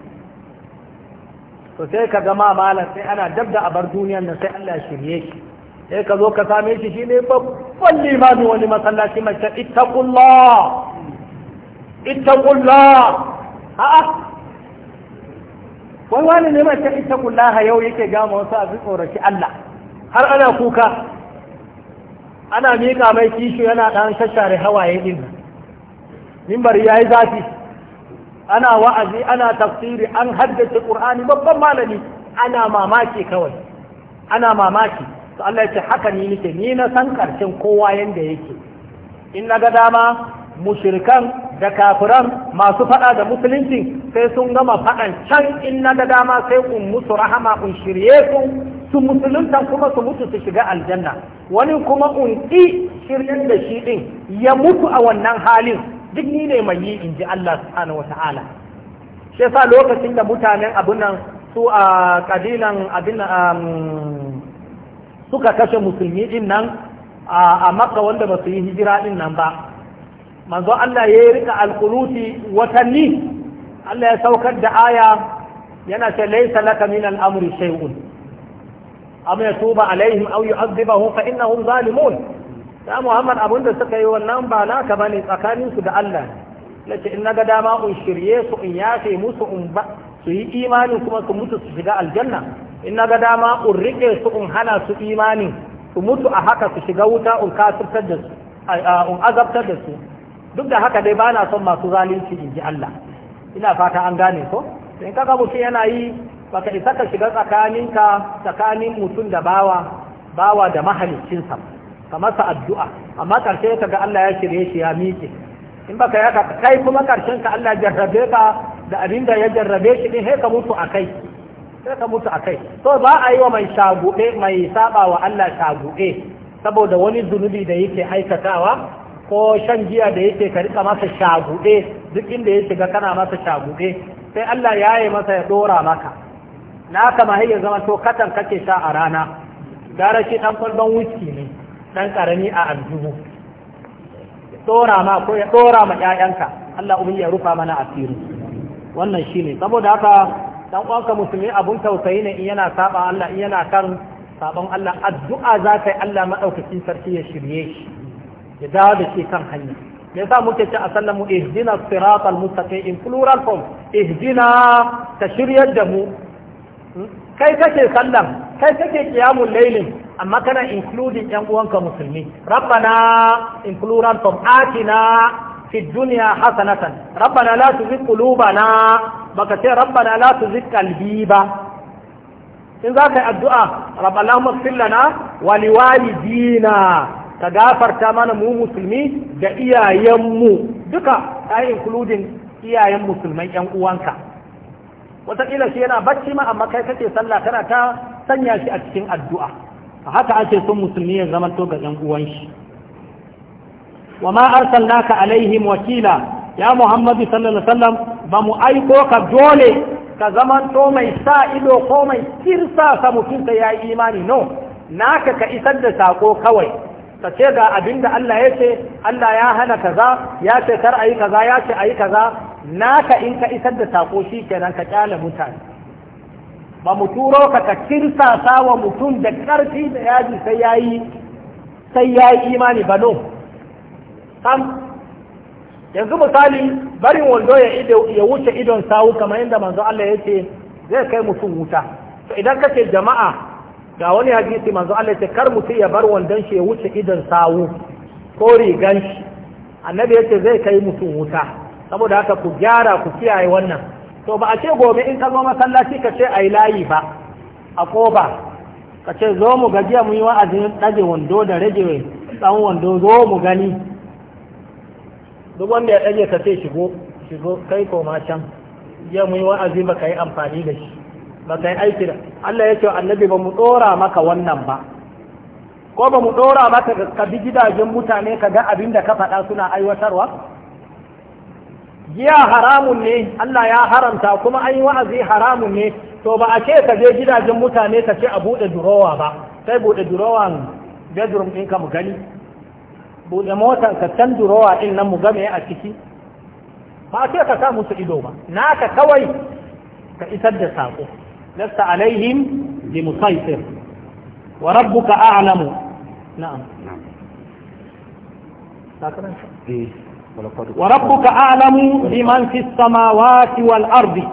to sai ka zama malam sai ana dab da abar duniyan nan sai Allah shirye shi sai ka zo ka same shi shi ne babban wani masallaci mace ittaqullah ittaqullah a'a wai wani ne mai ta ita kullaha yau yake gama wasu a fi tsoraci Allah har ana kuka ana miƙa mai kishi yana ɗan shashare hawaye ɗin mimbar ya yi zafi ana wa'azi ana tafsiri an haddace ƙur'ani babban malami ana mamaki kawai ana mamaki to Allah ya ce haka ni nake ni na san karshen kowa yanda yake in na ga dama mushirikan da kafiran masu faɗa da musulunci sai sun gama faɗan can in na da dama sai kun musu rahama kun shirye su su musulunta kuma su mutu su shiga aljanna wani kuma un ƙi shiryen da shi ɗin ya mutu a wannan halin duk ni ne mai yi in ji Allah subhanahu wata'ala shi yasa lokacin da mutanen abin nan su a kabilan abin um, suka kashe musulmi din nan a makka wanda ba su yi hijira din nan ba manzo Allah ya yi rika alkunuti watanni Allah ya saukar da aya yana ce laisa laka min al'amri shay'un am yatuba alaihim aw yu'adhibahum fa innahum zalimun ya Muhammad abin da suka yi wannan ba naka bane tsakanin su da Allah nace in naga dama un shirye su in yafe musu un ba su yi imani kuma su mutu su shiga aljanna in naga dama un rike su un hana su imani su mutu a haka su shiga wuta un kafirtar da su un azabtar da su duk da haka dai ba na son masu zalunci in ji Allah ina fata an gane ko in kaga mutum yana yi baka isa ka shiga tsakaninka tsakanin mutum da bawa bawa da mahaliccinsa kamar sa addu'a amma karshe ka ga Allah ya shirye shi ya miƙe in baka yaka kai kuma karshen ka Allah jarrabe ka da abin da ya jarrabe shi din sai ka mutu akai sai ka mutu akai to ba a yi wa mai shagube mai saba wa Allah shagube saboda wani zunubi da yake aikatawa ko shan giya da yake ka rika masa shaguɗe duk inda ya shiga kana masa shaguɗe sai Allah ya yi masa ya ɗora maka na kama hayya zama to katan kake sha a rana gara shi ɗan kwalban wuski ne ɗan ƙarami a aljihu ɗora ma ko ya ɗora ma ƴaƴanka Allah ya rufa mana asiri wannan shine saboda haka dan uwanka musulmi abun tausayi ne in yana saba Allah in yana kan sabon Allah addu'a za yi Allah maɗaukakin sarki ya shirye shi ya dawo da ke kan hanya me yasa muke ce a sallamu ihdina siratal mustaqim in plural form ihdina ta shiryar da mu hmm? kai kake sallan kai kake qiyamul laylin amma kana including yan uwanka musulmi rabbana in plural form atina fi dunya hasanatan rabbana la tuzigh qulubana baka ce rabbana la tuzigh qalbi ba in za ka yi addu'a rabba Allahumma fillana wa dina. ka gafarta mana mu musulmi da iyayenmu duka ta including iyayen musulman yan uwanka wataƙila shi yana bacci ma amma kai kake sallah kana ta sanya shi a cikin addu'a haka ake son musulmi ya zama to ga yan uwan shi wa ma arsalnaka alaihim wakila ya muhammadu sallallahu alaihi wasallam ba mu aiko ka dole ka zama to mai sa ido ko mai kirsa sa mutum ya yi imani no naka ka isar da sako kawai ka ce ga abin da Allah ya ce Allah ya hana kaza ya ce kar a yi kaza ya ce a yi kaza naka in ka isar da sako shi kenan ka kyale mutane ba mu turo ka ka kirsasa wa mutum da ƙarfi da yaji sai ya yi sai imani ba no sam yanzu misali barin wando ya wuce idon sawu kamar yadda manzo Allah ya ce zai kai mutum wuta idan kace jama'a ga wani hadisi manzo Allah ya ce kar mutu ya bar wandon shi ya wuce idan sawu ko rigan shi annabi ya ce zai kai mutum wuta saboda haka ku gyara ku kiyaye wannan to ba a ce gobe in ka zo masallaci ka ce ai layi ba a koba ka ce zo mu ga jiya mu yi wa'azin ɗage wando da rage tsawon wando zo mu gani duk wanda ya ɗage ka ce shigo shigo kai koma can jiya mu yi wa'azi ba ka yi amfani da shi ba kai aiki da Allah ya ce annabi ba mu dora maka wannan ba ko ba mu dora maka ka bi gidajen mutane ka ga abin da ka faɗa suna aiwatarwa giya haramun ne Allah ya haramta kuma an yi wa'azi haramun ne to ba a ce ka je gidajen mutane ka ce a buɗe durowa ba sai buɗe durowan bedroom ka mu gani buɗe motar ka can durowa ɗin nan mu game a ciki ba a ce ka sa musu ido ba naka kawai ka isar da sako. لست عليهم بمسيطر وربك أعلم نعم وربك أعلم بمن في السماوات والأرض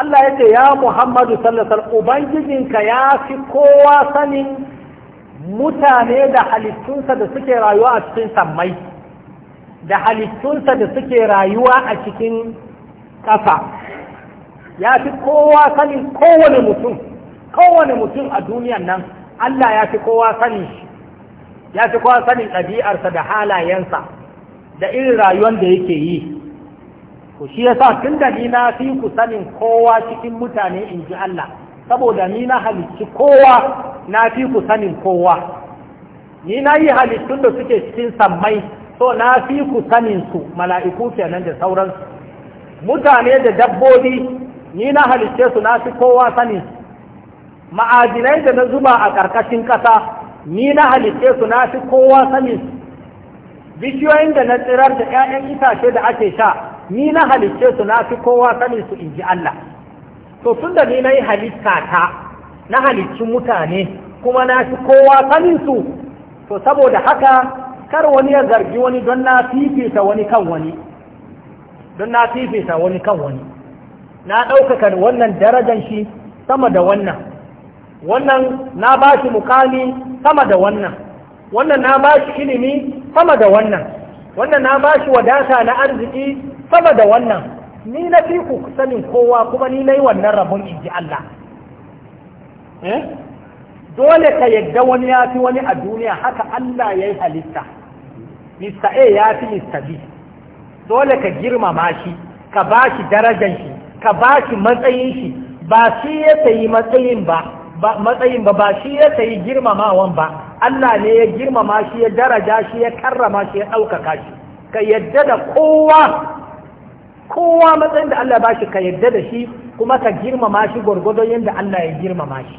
Allah ya ce ya Muhammadu sallasar Ubangijinka ya fi kowa sanin mutane da halittunsa da suke rayuwa a cikin sammai, da halittunsa da suke rayuwa a cikin ƙasa. ya fi kowa sanin kowane mutum kowane mutum a duniyan nan Allah ya fi kowa sanin ya fi kowa sani ɗabi'arsa da halayensa da irin rayuwar da yake yi ku shi yasa tun da ni na fi ku sanin kowa cikin mutane in ji Allah saboda ni na halicci kowa na fi ku sanin kowa ni na yi halittun da suke cikin sammai so na fi ku sanin su mala'iku kenan da sauransu mutane da dabbobi ni na halicce su na fi kowa sani ma'adinai da na zuba a ƙarƙashin ƙasa ni na halicce su na fi kowa sani bishiyoyin da na tsirar da 'ya'yan itace da ake sha ni na halicce su na fi kowa sani su in ji Allah to tun da ni na yi halitta ta na halicci mutane kuma na fi kowa sani su to saboda haka kar wani ya zargi wani don na fifita wani kan wani don na fifita wani kan wani na ɗaukaka wannan darajan shi sama da wannan wannan na ba shi mukami sama da wannan wannan na ba shi ilimi sama da wannan wannan na ba shi wadata na arziki sama da wannan ni na fi ku sanin kowa kuma ni na yi wannan rabon inji Allah eh? dole ka yadda wani ya fi wani a duniya haka Allah ya yi halitta Mr. A ya fi Mr. B dole ka girmama shi ka ba shi darajan shi ka ba shi matsayin shi ba shi ya sayi matsayin ba matsayin ba ba shi ya sayi girmamawan ba Allah ne ya girmama shi ya daraja shi ya karrama shi ya ɗaukaka shi ka yadda da kowa kowa matsayin da Allah ba shi ka yadda da shi kuma ka girmama shi gwargwadon yadda Allah ya girmama shi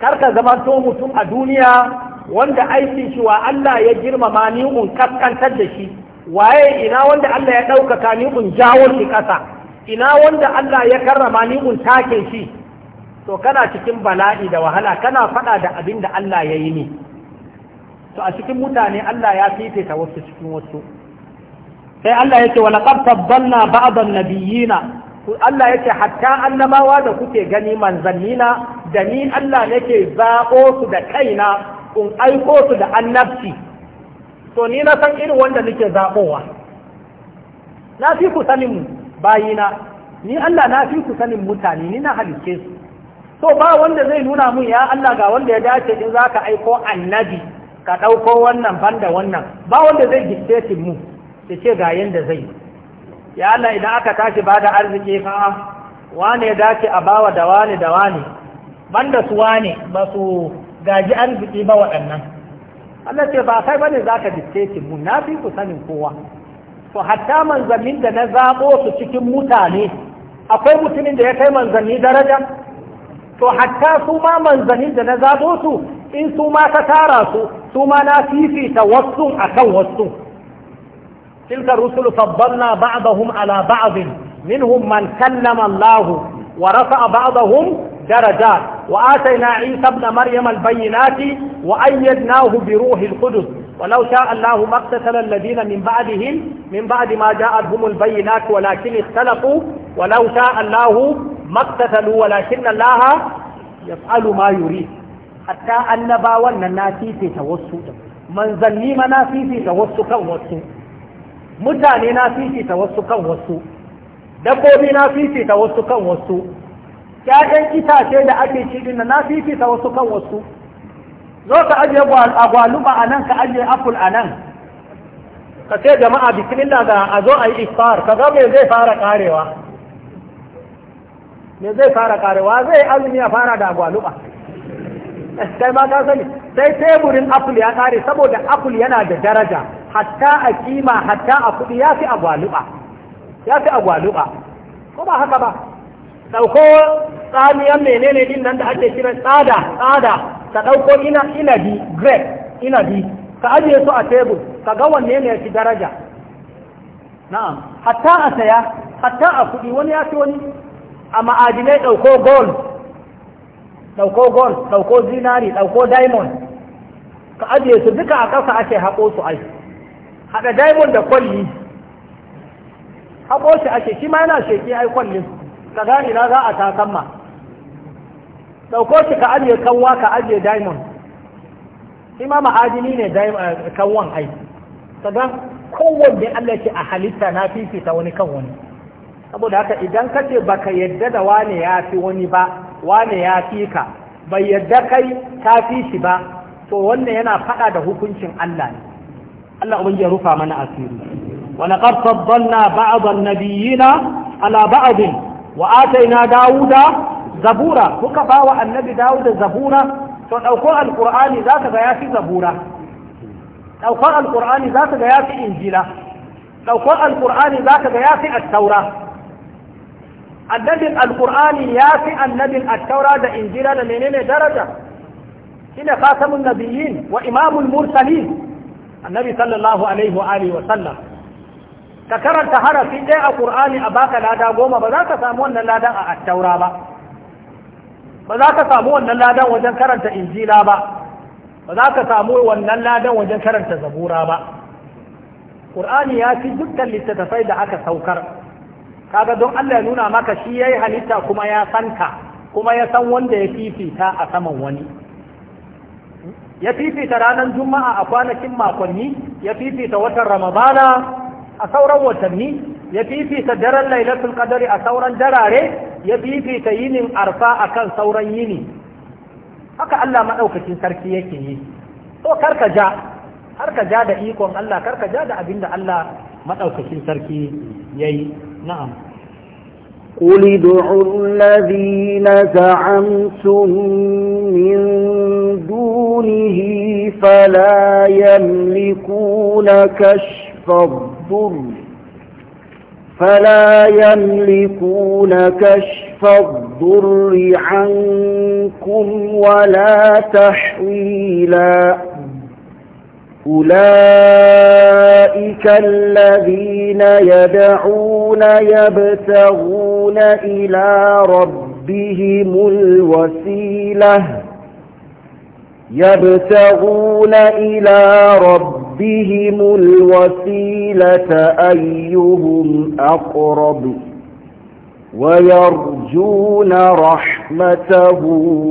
kar ka zama to mutum a duniya wanda aikin shi wa Allah ya girmama ni un kaskantar da shi waye ina wanda Allah ya ɗaukaka ni un jawo shi ƙasa ina wanda Allah ya karrama ni in take shi to kana cikin bala'i da wahala kana fada da abin da Allah ya yi ni to a cikin mutane Allah ya fifita wasu cikin wasu sai Allah yake wa laqad tabbanna ba'd an-nabiyina Allah yake hatta annabawa da kuke gani manzannina da ni Allah nake zaɓo su da kaina in aiko su da annabci to ni na san irin wanda nake zaɓowa na fi ku sanin mu bayina ni Allah na fi ku sanin mutane ni na halice su so ba wanda zai nuna mun ya Allah ga wanda ya dace in zaka aiko annabi ka ɗauko wannan banda wannan ba wanda zai dictate mu ya ce ga yanda zai ya Allah idan aka tashi ba da arziki fa wane ya dace a bawa da wane da wane banda su wane ba su gaji arziki ba waɗannan Allah ce ba kai bane zaka dictate mu na fi ku sanin kowa to hatta manzannin da na zaɓo su cikin mutane akwai mutumin da ya kai manzanni daraja to hatta su ma manzannin da na zaɓo su in su ma ka tara su su ma na fifita wasu a kan wasu تلك الرسل فضلنا ala على بعض منهم من كلم الله ورفع بعضهم درجات وآتينا عيسى ابن مريم البينات وأيدناه بروح القدس ولو شاء الله ما اقتتل الذين من بعدهم من بعد ما جاءتهم البينات ولكن اختلفوا ولو شاء الله ما اقتتلوا ولكن الله يفعل ما يريد حتى باولنا الناس في توسط من ظني na في wasu kan متاني ناسي في fifita wasu kan wasu في na fifita ƴaƴan itace da ake ci din na fifita wasu kan wasu zo ka ajiye agwaluma a nan ka ajiye apple a nan ka ce jama'a bismillah ga a zo a yi iftar ka ga me zai fara karewa me zai fara karewa zai azumi a fara da agwaluma eh, kai ma ka sani sai teburin apple ya kare saboda apple yana da daraja hatta a kima hatta a kuɗi ya fi agwaluba ya fi agwaluba ko ba haka ba ɗauko tsamiyar menene din nan da ake kira tsada tsada ka ɗauko ina inabi ina inabi ka ajiye su a tebur ka ga wanne ne ya daraja na'am hatta a saya hatta a kuɗi wani ya fi wani a ma'adinai ɗauko gold ɗauko gold ɗauko zinari ɗauko diamond ka ajiye su duka a ƙasa ake haƙo su ai haɗa diamond da kwalli haƙo shi ake shi ma yana sheƙi ai kwallin ka ga ina za a ta ma ɗauko shi ka ajiye kanwa ka ajiye diamond shi ma ma'adini ne eh, kanwan ai ka ga kowanne Allah ce a halitta na fifita wani kan wani saboda haka idan ka ce baka yadda da wane ya fi wani ba wane ya fi ka bai yadda kai ta fi shi ba to wannan yana faɗa da hukuncin Allah ne Allah abin ya rufa mana asiri wa laqad faddalna ba'd nabiyina ala ba'd wa ataina dawuda zabura kuka ba wa annabi dawuda zabura to ɗauko alƙur'ani za ka ga ya fi zabura ɗaukar alƙur'ani za ka ga ya fi injila ɗaukar alƙur'ani za ka ga ya fi attaura annabin alƙur'ani ya fi annabin attaura da injila da menene daraja shine khatamun nabiyyin wa imamul mursalin annabi sallallahu alaihi wa alihi wa sallam ka karanta harafi ɗaya a Kur'ani a baka lada goma ba za ka samu wannan ladan a attaura ba ba za ka samu wannan ladan wajen karanta injila ba ba za ka samu wannan ladan wajen karanta zabura ba Kur'ani ya fi dukkan littattafai da aka saukar kaga don Allah ya nuna maka shi yayi halitta kuma ya san ka kuma ya san wanda ya fifita a saman wani ya fifita ranar juma'a a kwanakin makonni ya fifita watan ramadana a sauran watanni ya fifita daren lailatul qadari a sauran darare ya fifita yinin arfa akan sauran yini haka Allah madaukakin sarki yake yi to karka ja karka ja da ikon Allah karka ja da abinda Allah madaukakin sarki yayi na'am قل ادعوا الذين زعمتم من دونه فلا يملكون كشف الضر فلا يملكون كشف الضر عنكم ولا تحويلا أولئك الذين يدعون يبتغون إلى ربهم الوسيلة يبتغون إلى ربهم ربهم الوسيلة أيهم أقرب ويرجون رحمته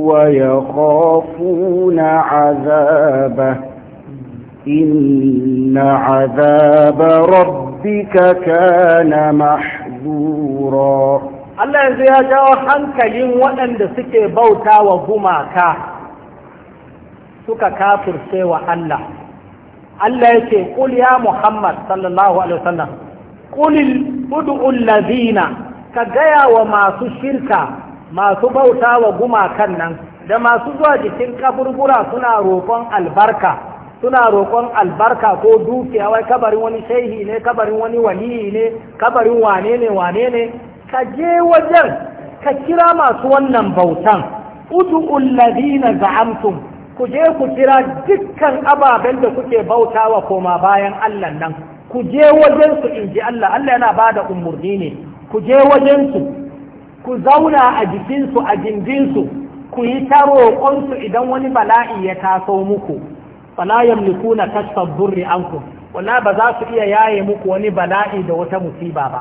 ويخافون عذابه إن عذاب ربك كان محذورا الله يزيها جواحنك ينوأ عند سكة بوتا كا سكا كافر سيوى الله Allah ya ce ya Muhammad sallallahu alaihi wasallam ƙulil ud'ul lazina ka gaya wa masu shirka masu bauta wa gumakan nan da masu zuwa jikin kaburbura suna roƙon albarka suna roƙon albarka ko dukiya wai kabarin wani shehi ne kabarin wani waliyi ne kabarin wane ne wane ne ka je wajen ka kira masu wannan bautan ud'ul ga za'amtum ku je ku kira dukkan ababen da kuke bautawa koma bayan Allah nan ku je wajensu in ji Allah Allah yana bada da umarni ne ku je wajensu ku zauna a jikinsu a gindinsu ku yi ta idan wani bala'i ya taso muku fala yamlikuna kashfa burri ankum wala ba za su iya yaye muku wani bala'i da wata musiba ba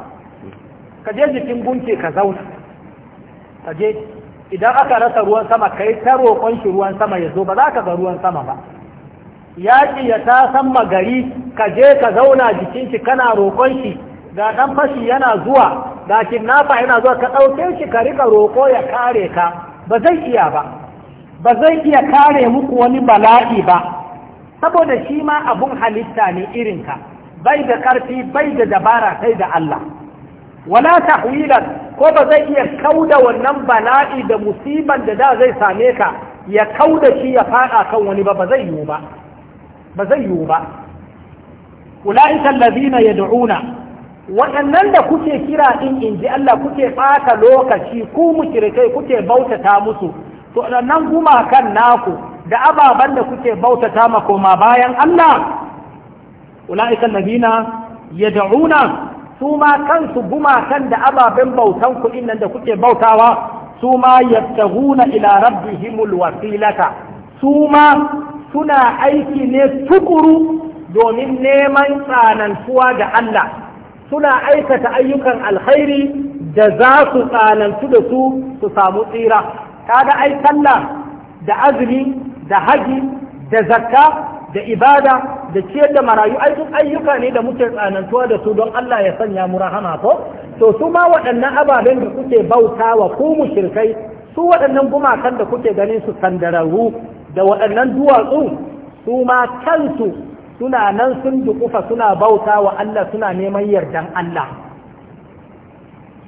ka je jikin bunke ka zauna ka je idan aka rasa ruwan sama kai ta roƙon shi ruwan sama ya zo ba za ka ga ruwan sama ba yaƙi ya ta san magari ka je ka zauna jikin shi kana roƙon shi ga ɗan fashi yana zuwa ga kinnafa yana zuwa ka ɗauke shi ka riƙa roƙo ya kare ka ba zai iya ba ba zai iya kare muku wani bala'i ba saboda shi ma abun halitta ne irinka bai da ƙarfi bai da dabara sai da Allah wala tahwilan ko ba zai iya kauda wannan bala'i da musiban da da zai same ka ya kauda shi ya fada kan wani ba ba zai yiwu ba ba zai yiwu ba ulaika ya yad'una waɗannan da kuke kira in inji Allah kuke ɓata lokaci ku mushrikai kuke bautata musu to nan kan naku da ababan da kuke bautata ma koma bayan Allah ula'ikan nabina ya da'una su ma kansu gumakan da ababen bautan kuɗin nan da kuke bautawa su ma yattahuna ila rabbihimul wasilata su ma suna aiki ne tukuru domin neman tsanantuwa da Allah suna aikata ayyukan alkhairi da za su tsanantu da su su samu tsira kaga ai sallah da azumi da haji da zakka da ibada da ciyar da marayu Ai duk ayyuka ne da muke tsanantuwa da su don Allah ya sanya mu rahama ko to su ma waɗannan ababen da kuke bauta wa ku mushrikai su waɗannan gumakan da kuke ganin su sandararru da waɗannan duwatsu su ma kansu suna nan sun dukufa suna bauta wa Allah suna neman yardan Allah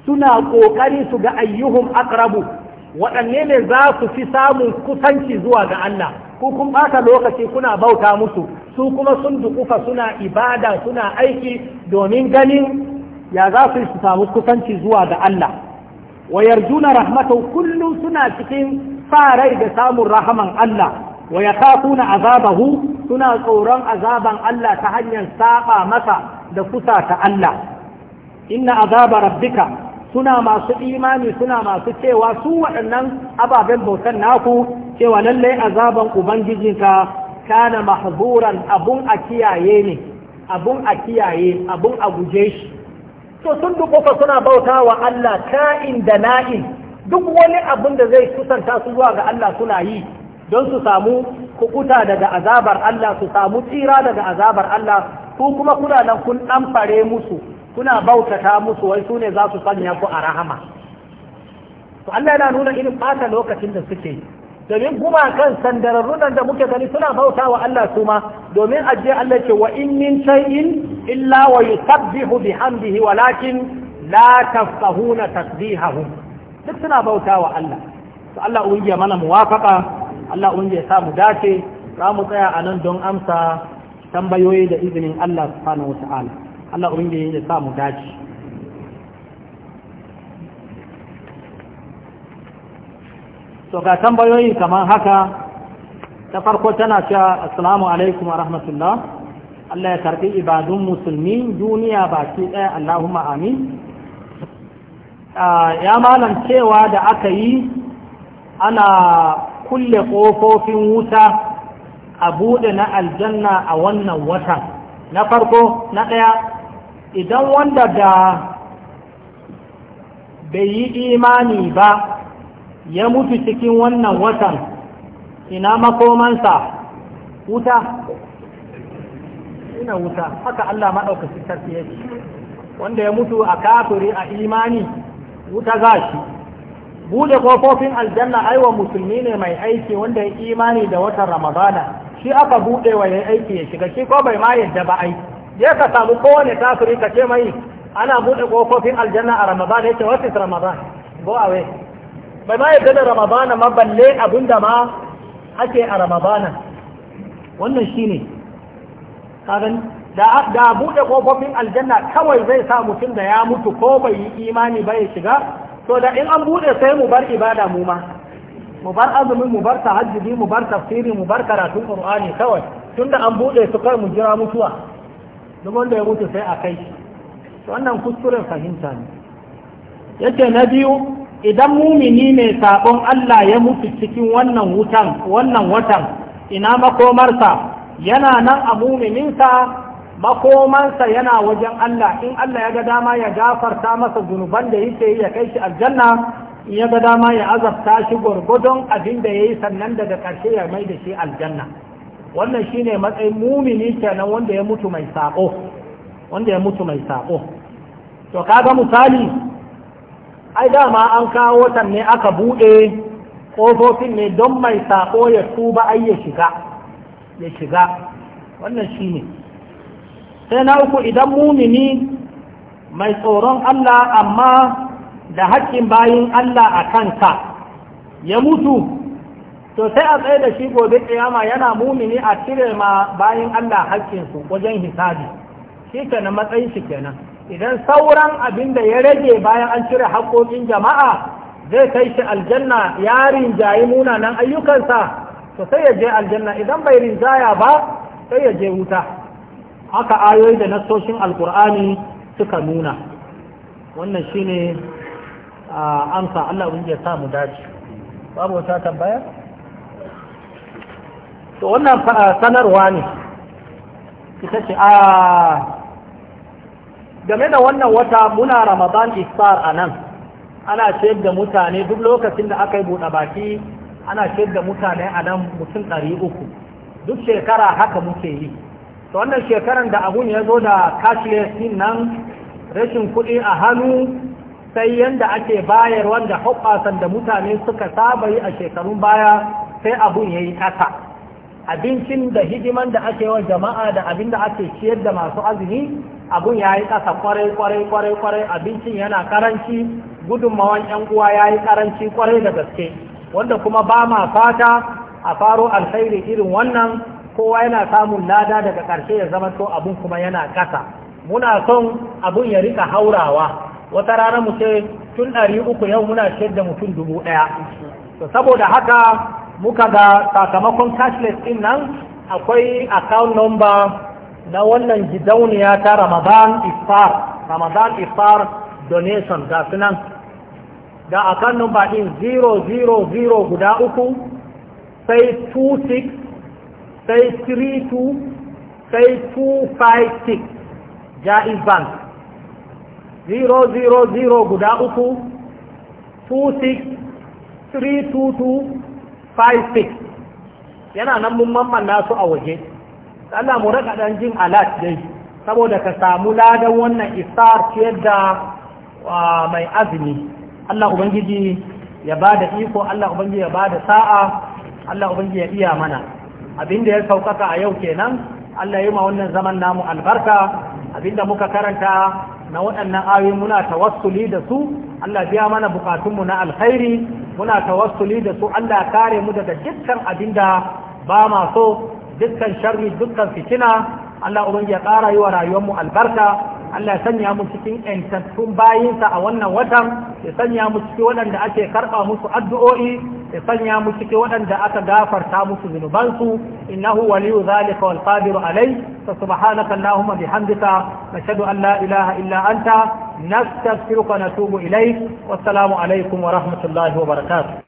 suna ƙoƙari su ga ayyuhum aqrabu waɗanne ne za su fi samun kusanci zuwa ga Allah ku kun bata lokaci kuna bauta musu su kuma sun dukufa suna ibada suna aiki domin ganin ya za su su samu kusanci zuwa ga Allah wa yarjuna rahmatu kullum suna cikin farai da samun rahaman Allah wa yakafuna azabahu suna tsoron azaban Allah ta hanyar saba masa da kusa ta Allah inna azaba rabbika suna masu imani suna masu cewa su waɗannan ababen bautan naku cewa lallai azaban ubangijinka kana mahzuran abun a kiyaye ne abun a kiyaye abun a guje shi to sun suna bauta wa Allah ka'in da na'in duk wani abun da zai kusanta su zuwa ga Allah suna yi don su samu kukuta daga azabar Allah su samu tsira daga azabar Allah ku kuma kuna nan kun fare musu kuna bautata musu wai su ne za su sanya ku a rahama to Allah yana nuna irin ɓata lokacin da suke yi domin kan sandararrunan da muke gani suna bauta wa Allah su ma domin ajiye Allah ce wa in min shay'in illa wa yusabbihu bihamdihi walakin la tafqahuna tasbihahum duk suna bauta wa Allah to Allah ubangi mana muwafaqa Allah ubangi ya mu dace za mu tsaya a nan don amsa tambayoyi da izinin Allah subhanahu wa ta'ala Allah ubangi ya sa mu dace to ga tambayoyi kamar haka ta farko tana cewa assalamu alaikum wa rahmatullah Allah ya karbi ibadun musulmi duniya baki ɗaya Allahumma amin ya malam cewa da aka yi ana kulle kofofin wuta a buɗe na aljanna a wannan watan na farko na ɗaya idan wanda da bai yi imani ba ya mutu cikin wannan watan ina makomansa wuta ina wuta haka Allah maɗauka sarki ya wanda ya mutu a kafiri a imani wuta za shi bude kofofin aljanna aiwa musulmi ne mai aiki wanda ya imani da watan ramadana shi aka bude wa ya aiki ya shiga shi ko bai ma yadda ba ai je ka samu kowane kafiri ka ce mai ana bude kofofin aljanna a ramadana yace ce, is ramadan go away bai ma yadda da ramabana ma balle abin da ma ake a ramabana. wannan shi ne. da da ƙofofin kofofin aljanna kawai zai sa mutum da ya mutu ko bai yi imani ba ya shiga to da in an buɗe sai mu bar ibada mu ma mu bar azumi mu bar tahajjudi mu bar tafsiri mu bar karatun qur'ani kawai tun da an buɗe su mu jira mutuwa duk wanda ya mutu sai a kai wannan kuskuren fahimta ne yace na biyu idan mumini mai saɓon, Allah ya mutu cikin wannan wutan wannan watan ina makomarsa yana nan a mumininsa makomansa yana wajen Allah in Allah ya ga dama ya gafarta masa zunuban da yake ya kai shi aljanna in ya ga dama ya azabta shi gwargwadon abin da ya yi sannan daga ƙarshe ya mai da shi aljanna wannan shine matsayin mumini kenan wanda ya mutu mai saɓo. wanda ya mutu mai to kaga misali ai dama an kawo watan ne aka buɗe ƙofofin ne don mai saƙo ya tuba ai ya shiga ya shiga wannan shi ne sai na uku idan mumini mai tsoron Allah amma da haƙƙin bayin Allah a kanka ya mutu to sai a tsaye da shi gobe ƙiyama yana mumini a cire ma bayin Allah haƙƙinsu wajen hisabi shi kenan matsayin shi kenan idan sauran abin da ya rage bayan an cire haƙoƙin jama'a zai kai shi aljanna ya rinjayi munanan ayyukansa to sai ya je aljanna idan bai rinjaya ba sai ya je wuta haka ayoyi da nasoshin alkur'ani suka nuna wannan shi shine amsa Allah ya sa mu dace babu wata tambaya to wannan sanarwa ne ita ce a game da wannan wata muna ramadan iftar a nan ana shayar da mutane duk lokacin da aka yi buɗe baki ana shayar da mutane a nan mutum ɗari uku duk shekara haka muke yi to wannan shekaran da abun ya zo da cashless din nan rashin kuɗi a hannu sai yanda ake bayar wanda hoɓɓasan da mutane suka saba yi a shekarun baya sai abun ya yi ƙasa abincin da hidiman da ake wa jama'a da abin da ake ciyar da masu azumi abun ya yi ƙasa kwarai kwarai kwarai kwarai abincin yana karanci gudunmawan yan uwa ya yi karanci kwarai da gaske wanda kuma ba ma fata a faro alkhairi irin wannan kowa yana samun lada daga ƙarshe ya zama to abun kuma yana ƙasa muna son abun ya rika haurawa wata rana mu ce tun ɗari uku yau muna ciyar da mutum dubu ɗaya to saboda haka muka ga sakamakon cashless ɗin nan akwai account number na wannan gidauniya ta ramadan iftar ramadan iftar donation ga sunan ga akan numba din 000 guda uku sai 26 sai 32 sai 256 jaiz bank 000 guda uku 26 322 56 yana nan mun mamman nasu a waje Allah mu raka dan jin alat dai saboda ka samu ladan wannan isar ciyar da mai azumi Allah ubangiji ya bada iko Allah ubangiji ya bada sa'a Allah ubangiji ya iya mana abinda ya saukaka a yau kenan Allah ya yi ma wannan zaman namu albarka abinda muka karanta na waɗannan ayoyi muna tawassuli da su Allah biya mana bukatunmu na alkhairi muna tawassuli da su Allah kare mu daga dukkan abinda ba ma so dukkan sharri dukkan fitina Allah ubangi ya ƙara yi wa rayuwarmu albarka Allah ya sanya mu cikin ƴantattun bayinsa a wannan watan ya sanya mu cikin waɗanda ake karɓa musu addu'o'i ya sanya mu cikin waɗanda aka gafarta musu zunubansu innahu waliyu zalika wal qadiru alai fa subhanaka allahumma bihamdika nashhadu an la ilaha illa anta nastaghfiruka wa natubu ilayk wassalamu alaikum wa rahmatullahi wa barakatuh